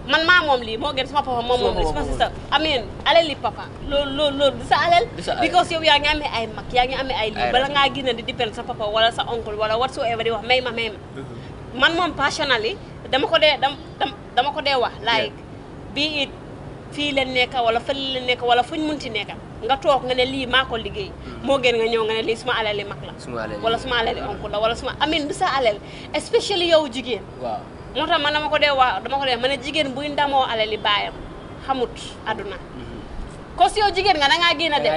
man maa moom lii moo gën sama papa moom moom lii sama sister ameen alal li papa loolu loolu loolu di sa alal because yow yaa ngi amee ay mag yaa ngi amee ay lii bala ngaa génn di dépend sa papa wala sa oncle wala whatsoever di wax may ma may mm-hmm. man moom passionally dama ko dee dama ko dee wax like bi it fii leen nekka wala fële leen nekka wala fuñ munti nekka nga toog nga ne lii maa liggéey mm-hmm. moo gën nga ñëw nga ne lii suma alal li mag la wala suma alal li oncle la wala suma ameen du sa alal especially yow jigéen waaw motax tax man dama ko dee wa dama ko dee mané jigen jigéen buy ndamoo alali baayam xamut aduna kos yow jigen nga nga génn dé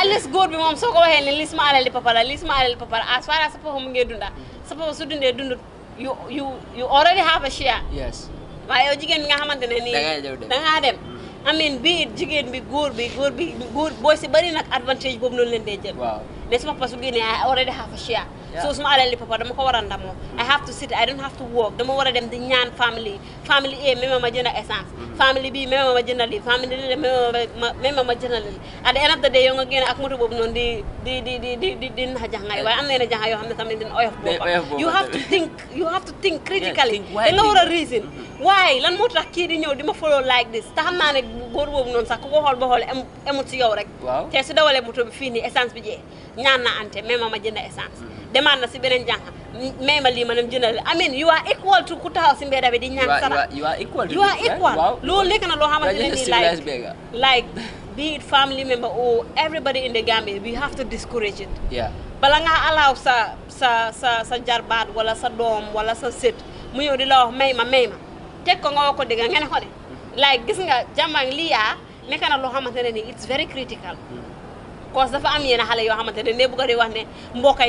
alis goor bi mom soko waxé ni lisma lis ma papa la lisma ala alali papa as far as papa mu ngi dunda sa papa su dundé dund you you you already have a share yes waaye yow jigéen nga xamante ni da nga dem hmm. amin bi jigen bi goor bi goor bi goor boy ci bari nak advantage bobu non len dé jël Let's say Papa Sugini, I already have a share. Yeah. So small ali Papa, dama ko waranda mo. I have to sit. I don't have to work. Dama wara dem di ñaan family. Family A mema ma jëna essence. Mm-hmm. Family B mema ma jëna li. Family D mema ma jëna li. At the end of the day, yo nga gene ak moto bobu non di di di di di di di na jaxangay. Way am na na jaxay yo xamne tamit din oyof bobu. You have to think. You have mm-hmm. mo tax ki di ñew dima follow like na ne goor bobu non sax ku ko xol ba xol emu ci rek. Té su dawalé ñaan na ante may ma ma jënd essence demaat na si beneen jànq may ma lii ma dem jëndal I mean you are equal to ku taxaw si mbedd bi di ñaan sara you are equal you are loolu nekk na loo xamante ne nii like like be it family member or everybody in the Gambia we have to discourage it bala nga alaaw sa sa sa sa jarbaat wala sa doom wala sa sët mu ñëw di la wax may ma may ma teg ko nga wax ko dégg nga ne xole like gis nga jàmbaang lii yaa nekk na loo xamante ne nii it's very critical hmm. cause dafa am yenn xale yoo xamante ne ne bëgg a di wax ne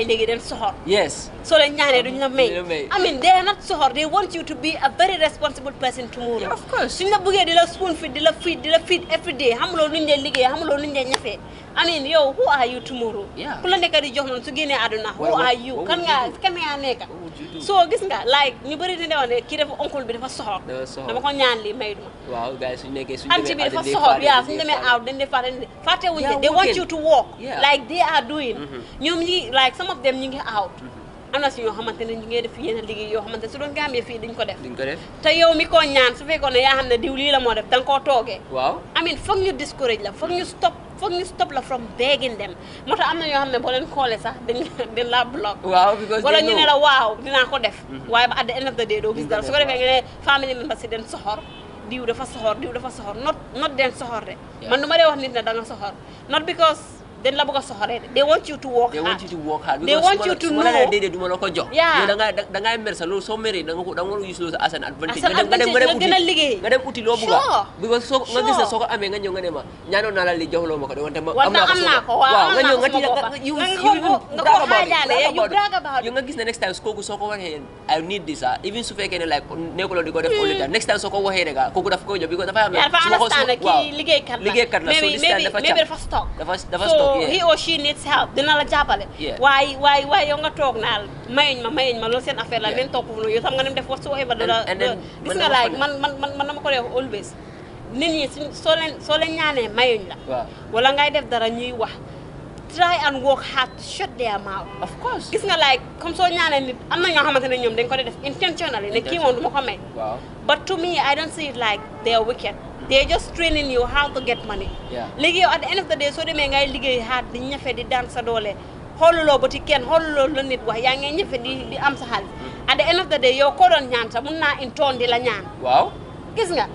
yi léegi den soxor. yes soo leen ñaanee duñ I mean they are not soxor they want you to be a very responsible person tomorrow. of course suñ la bëggee di every day xamuloo nuñ leen liggéey xamuloo nuñ leen ñafee. I mean yow who are you tomorrow. ku la nekk di jox noonu su génnee àdduna. who are you kan ngaa kan ngaa nekk. soo gis nga like ñu bëri di ne wax ne kii bi dafa soxor. dama ko ñaan lii may duma. waaw gars yi suñu nekkee suñu demee out dañ de toog like they are doing mm-hmm. ñoom ñi like some of them ñi out am na si ñoo xamante ne ñu ngi def yen liggéey yoo xamante ne su doon Gambie fii duñ ko def ko def te yow mi koo ñaan su fekkoon ne yaa xam ne diw la moo def danga koo toogee waaw amin foog ñu discourage la foog ñu stop foog la from begging dem moo tax am na ñoo xam ne boo leen xoolee sax dañ dañ laa block waaw wala ñu ne la waaw dinaa ko def mm-hmm. waaye ba at the end of the day doo gis dara su ko defee nga ne family dafa soxor diw dafa soxor de man du ma dee wax nit ne da nga soxor Then la bëgg a they want you to work hard they want you to work hard they want you to know su ma duma la ko jox yeah da nga da nga mer sa loolu so meree da nga ko da nga use loolu as an advantage nga dem nga dem nga dem uti nga dem outil lo bëgg bu ba soo nga gis so ko amé nga ñëw nga ne ma ñaanoon naa la li jox lo mako de wante ma am na ko wa nga ñëw nga ti you you nga ko xaajaale you brag about you nga gis ne next time ko so ko waxé I need this ah even su fekkee ne like oh, nekkuloo di ko def all the time hmm. ah. next time ah. ya, kan kan so ko waxee rek ko ko daf ko jox bi ko dafa am dafa ki liggéey kat la kat la so this time dafa dafa stop so he or she needs help dina la jàppale waaye waaye waaye yow nga toog naa mayuñ ma mayuñ ma loolu seen affaire la leen toog foofu noonu yow xam nga nem def wax su waxee ba dara gis nga laay man man man man dama ko def always nit ñi suñ soo leen soo leen ñaanee mayuñ la wala ngay def dara ñuy wax try and work hard to shut their mouth of gis nga like comme soo ñaanee nit am na ñoo xamante ne ñoom dañ ko def intentionally ne kii moom du ma but to me I don't see it like they are they just training you how to get money. léegi yow at the end of the day soo demee ngay liggéey hard di ñafe di daan sa doole xooluloo ba i kenn xooluloo la nit wax yaa ngay ñafe di di am mm-hmm. at the end of the day yow koo doon ñaan sax mun naa in toon di la ñaan. waaw gis nga.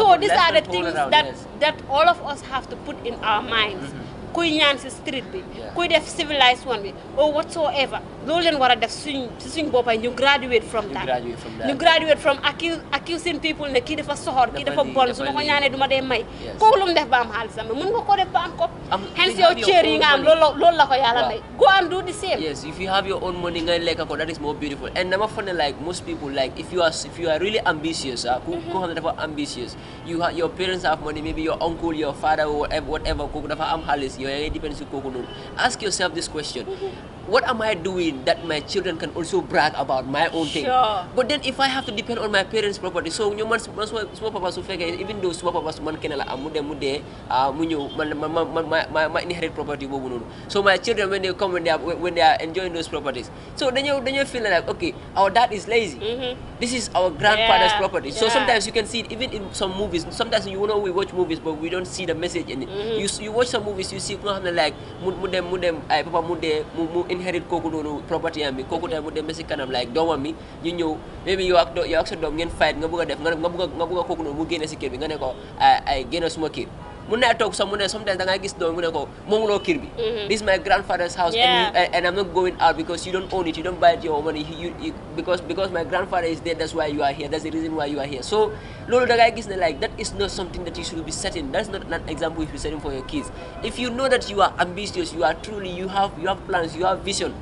so these are the things that that all of us have to put in our minds. Mm-hmm. kuy ñaan si street bi kuy def civilized one bi or whatsoever loolu leen war a def suñ si suñ boppay ñu graduate from that ñu graduate from accuse accusing people ne kii dafa soxor kii dafa bon su ma ko ñaanee du ma dee may kooku lu mu def ba am xaalisam mun nga koo def ba am ko hence yow cër yi nga am loolu loolu la ko yàlla may go and do the same yes if you have your own money nga lekk ko that is more beautiful and dama foog ne like most people like if you are if you are really ambitious ah ku mm-hmm. ko xam ne dafa ambitious you your parents have money maybe your uncle your father whatever whatever kooku dafa am xaalis you already depends on Kokono. Ask yourself this question. what am I doing that my children can also brag about my own sure. thing? But then if I have to depend on my parents' property, so you man man suma papa su even though suma papa su ah, ah, man kenn la am mu dem mu dee man inherit property boobu So my children when they come when they are, when they are enjoying those properties, so then you feel like okay our dad is lazy. Mm -hmm. This is our grandfather's yeah. property. So yeah. sometimes you can see it even in some movies. Sometimes you know we watch movies but we don't see the message in it. Mm -hmm. You you watch some movies you see ku nga like mu eh, mu papa mu inherit kooku noonu property am bi kooku tamit mu demee si kanam like doomam mi ñu ñëw maybe yow ak doom ngeen fight nga bëgg a def nga nga bëgg nga bëgg a kooku noonu mu génne si bi nga ne ko ay génne suma kër When I talk to someone, sometimes the guy gets down mu ne ko moomuloo kër this is my grandfather's house. and you, and I'm not going out because you don't own it you don't buy it your money you, you because because my grandfather is there that's why you are here that's the reason why you are here so loolu da guy gets like that is not something that you should be setting that's not an example you should be setting for your kids if you know that you are ambitious you are truly you have you have plans you have vision.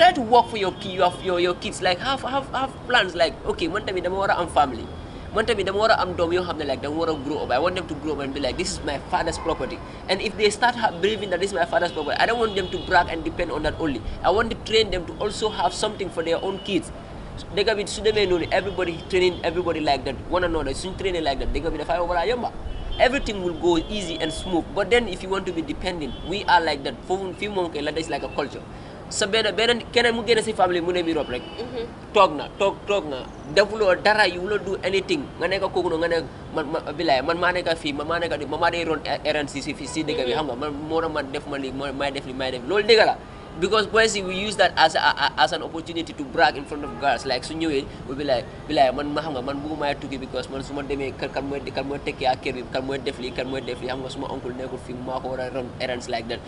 try to work for your your your, your kids like have have have plans like okay man tamit the war a am family man tamit dama war a am doom yoo xam ne like dama war a grow up I want them to grow up and be like this is my father's property and if they start believing that this is my father's property I don't want them to brag and depend on that only I want to train them to also have something for their own kids dëgg bi su demee noonu everybody training everybody like that one another suñ training like that dëgg bi dafay war a yomba everything will go easy and smooth but then if you want to be dependent we are like that foofu fii moom kay la des like a culture sa benn beneen keneen mu génne si famille mu dem Europe rek. Mhm. toog na toog toog na defuloo dara yu la du anything nga nekk kooku noonu nga nekk man ma bilaay man maa nekk fii man maa nekk man maa dee ron RNC si fii si dëkk bi mhm. xam nga man moo tax man def ma lii may def li may def loolu dëgg la. because boys we use that as a, as an opportunity to brag in front of girls like su we we be like be like man ma xam nga man bëgguma tukki because man su ma demee kër kan mooy kan mooy tekki ak kër bi kan mooy def lii kan mooy def lii xam nga suma oncle nekkul fi maa ko run errands like that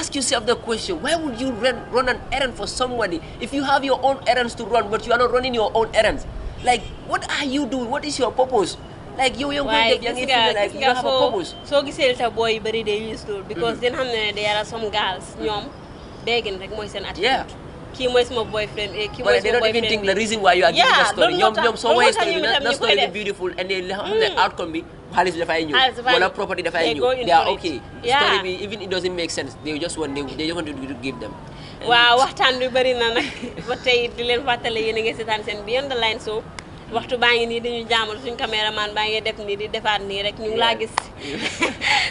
ask yourself the question why would you run, run an errand for somebody if you have your own errands to run but you are not running your own errands like what are you doing what is your purpose like you, young boy, def yaa feel like you have a purpose soo gisee sa boy yu bëri day used to because mm-hmm. den xam ne there are some girls mm-hmm. ñoom begging rek mooy seen attitude kii mooy sama boyfriend eh kii mooy sama boyfriend. but they don't even think the reason why you are giving the story. ñoom ñoom soo woyee story bi na story bi beautiful and then li xam ne mm. outcome bi xaalis bi dafay ñëw wala property dafay ñëw they are okay story bi even it doesn't make sense they just want they just want to give them waaw waxtaan bi bëri na nag (laughs) ba tey di leen fàttale yéen a ngi seetaan seen Beyond the Line so waxtu bayi ni nii dañu jaamal suñ caméraman bayi def ni di defaat ni rek ñu la gis (laughs)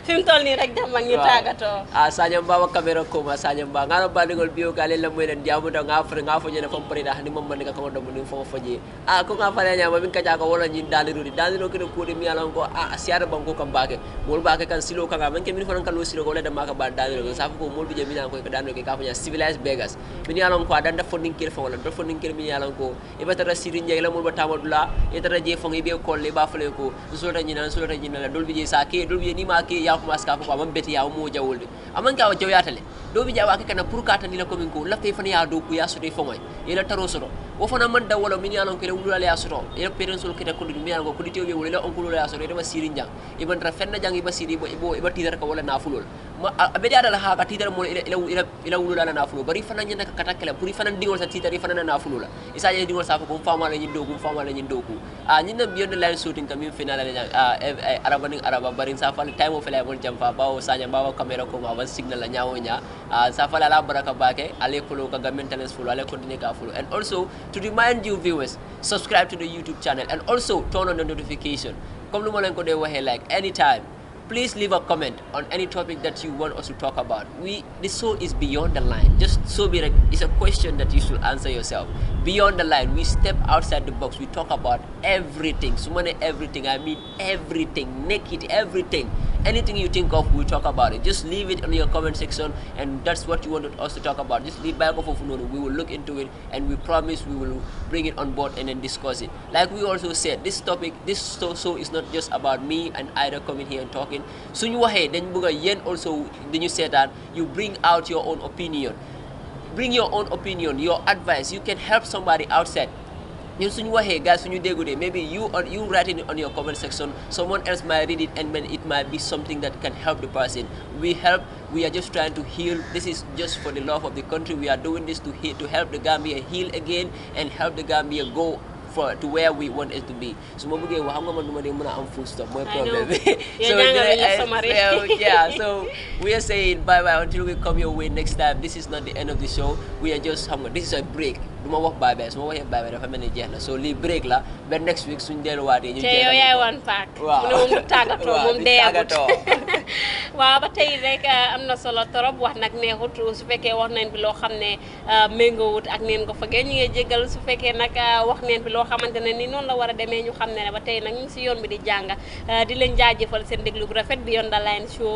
fim mu toll nii rek jàmm ak ñu tagato ah sañam ba caméra koma sañam ba ngano bandigol biyo gale la moy len jaamu do nga fa nga fa ñene fam pare da ni mom man nga ko do ni fam ji ah ko nga fare nyaama min ka ko wala ñi dali rudi di no ko ko di mi yalla ko ah siara bam ko kam baake mul baake kan silo ka nga man ke min fon kan lo silo ko le dem maka ba di rudi sa ko mul bi je mi ko ko dano ke ka ñaa civilized beggars min yalla ko da da fondin kir fo wala do fondin kir mi yalla ko e ba tara siri la mul ba tamal dula itara je fongi be ko le ba fale ko sura nyina ni na dol bi je dol bi ni ma ke ya mas ka ko man beti ya mo jawulde aman ka jaw ya tale dolbi jawa ka kana pour ka tan ni la ko min ko lafte fani ya do ku ya su de e la taro soro wo fana man da wala min ya non ke le wulula ya soro ila peren sol ta ko dum mi ko kudi tewbe wulula on ko ya soro ida basiri jang iban ra na jang ba siri bo e ba tider ka wala nafulol abedi ada la ha ka tider mo ila ila ila wulula na nafulo bari fana nyina ka katakela puri fana dingol sa tider fana na fulula isa je dingol sa ko fama la do ko fama la ñin doku a ah, ñin na biyondo lay shooting ka min final ala ah, eh, eh, araba ni araba barin sa fal time of lay bon jam fa bawo sa jam bawo camera ko ma wan signal la nyaawo nya ah, sa fal ala baraka baake ale ko ka gamen tanes fulo ale continue ka fulo and also to remind you viewers subscribe to the youtube channel and also turn on the notification comme lu ma len ko de waxe like anytime please leave a comment on any topic that you want us to talk about. We the soul is beyond the line. Just so be it. It's a question that you should answer yourself. Beyond the line, we step outside the box. We talk about everything. So many everything. I mean everything. Naked everything. Anything you think of, we talk about it. Just leave it in your comment section, and that's what you wanted us to talk about. Just leave back off of Fununu. We will look into it, and we promise we will bring it on board and then discuss it. Like we also said, this topic, this show, is not just about me and Ida coming here and talking in suñ waxee dañ bëgg a yen. also dañu that you bring out your own opinion bring your own opinion your advice you can help somebody outside You ñun suñu here, guys suñu déggudee maybe you or you write it on your comment section someone else might read it and then it might be something that can help the person we help we are just trying to heal this is just for the love of the country we are doing this to heal, to help the Gambia heal again and help the Gambia go for to where we want it to be so so yeah so (laughs) we are saying bye bye until we come your way next time this is not the end of the show we are just this is a break du ma wax baay ba su ma waxee baay baay dafa mel ni jeex na so lii break la ba next week suñ delluwaatee ñu jeex yow yaay wan waaw mu ne moom du (laughs) ba tey rek eh, am na solo trop wax nag neexut su fekkee wax neen bi loo xam ne eh, méngoowut ak neen ko fagee ñu ngee jégal su fekkee nag eh, wax neen bi loo xamante ne ni noonu la war a demee ñu xam ne ne ba tey nag ñu si yoon bi di jàng di leen jaajëfal seen déglu gu rafet bi yoon da line show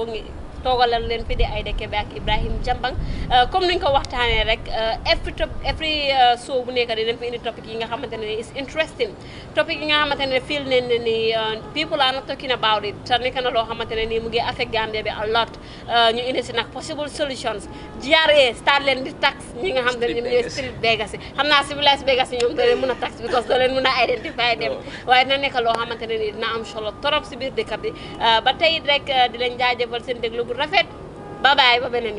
toogalal leen fi di Aida Kébé ak Ibrahim Jambang euh, comme ni ko waxtaanee rek euh, every top euh, bu nekk di dañ fi indi topic yi nga xamante ne is interesting topic yi nga xamante ne ni people are not talking about it nii mu ngi affect Gambia bi a lot ñu indi si nag possible solutions GRA start leen di tax ñi nga xamante ne ñoom ñooy street xam naa civilized beggars ñoom doo leen a tax because doo leen a identify oh. dem waaye dina nekk loo xamante nii dina am solo torop si biir di leen bu rafet ba baay ba beneen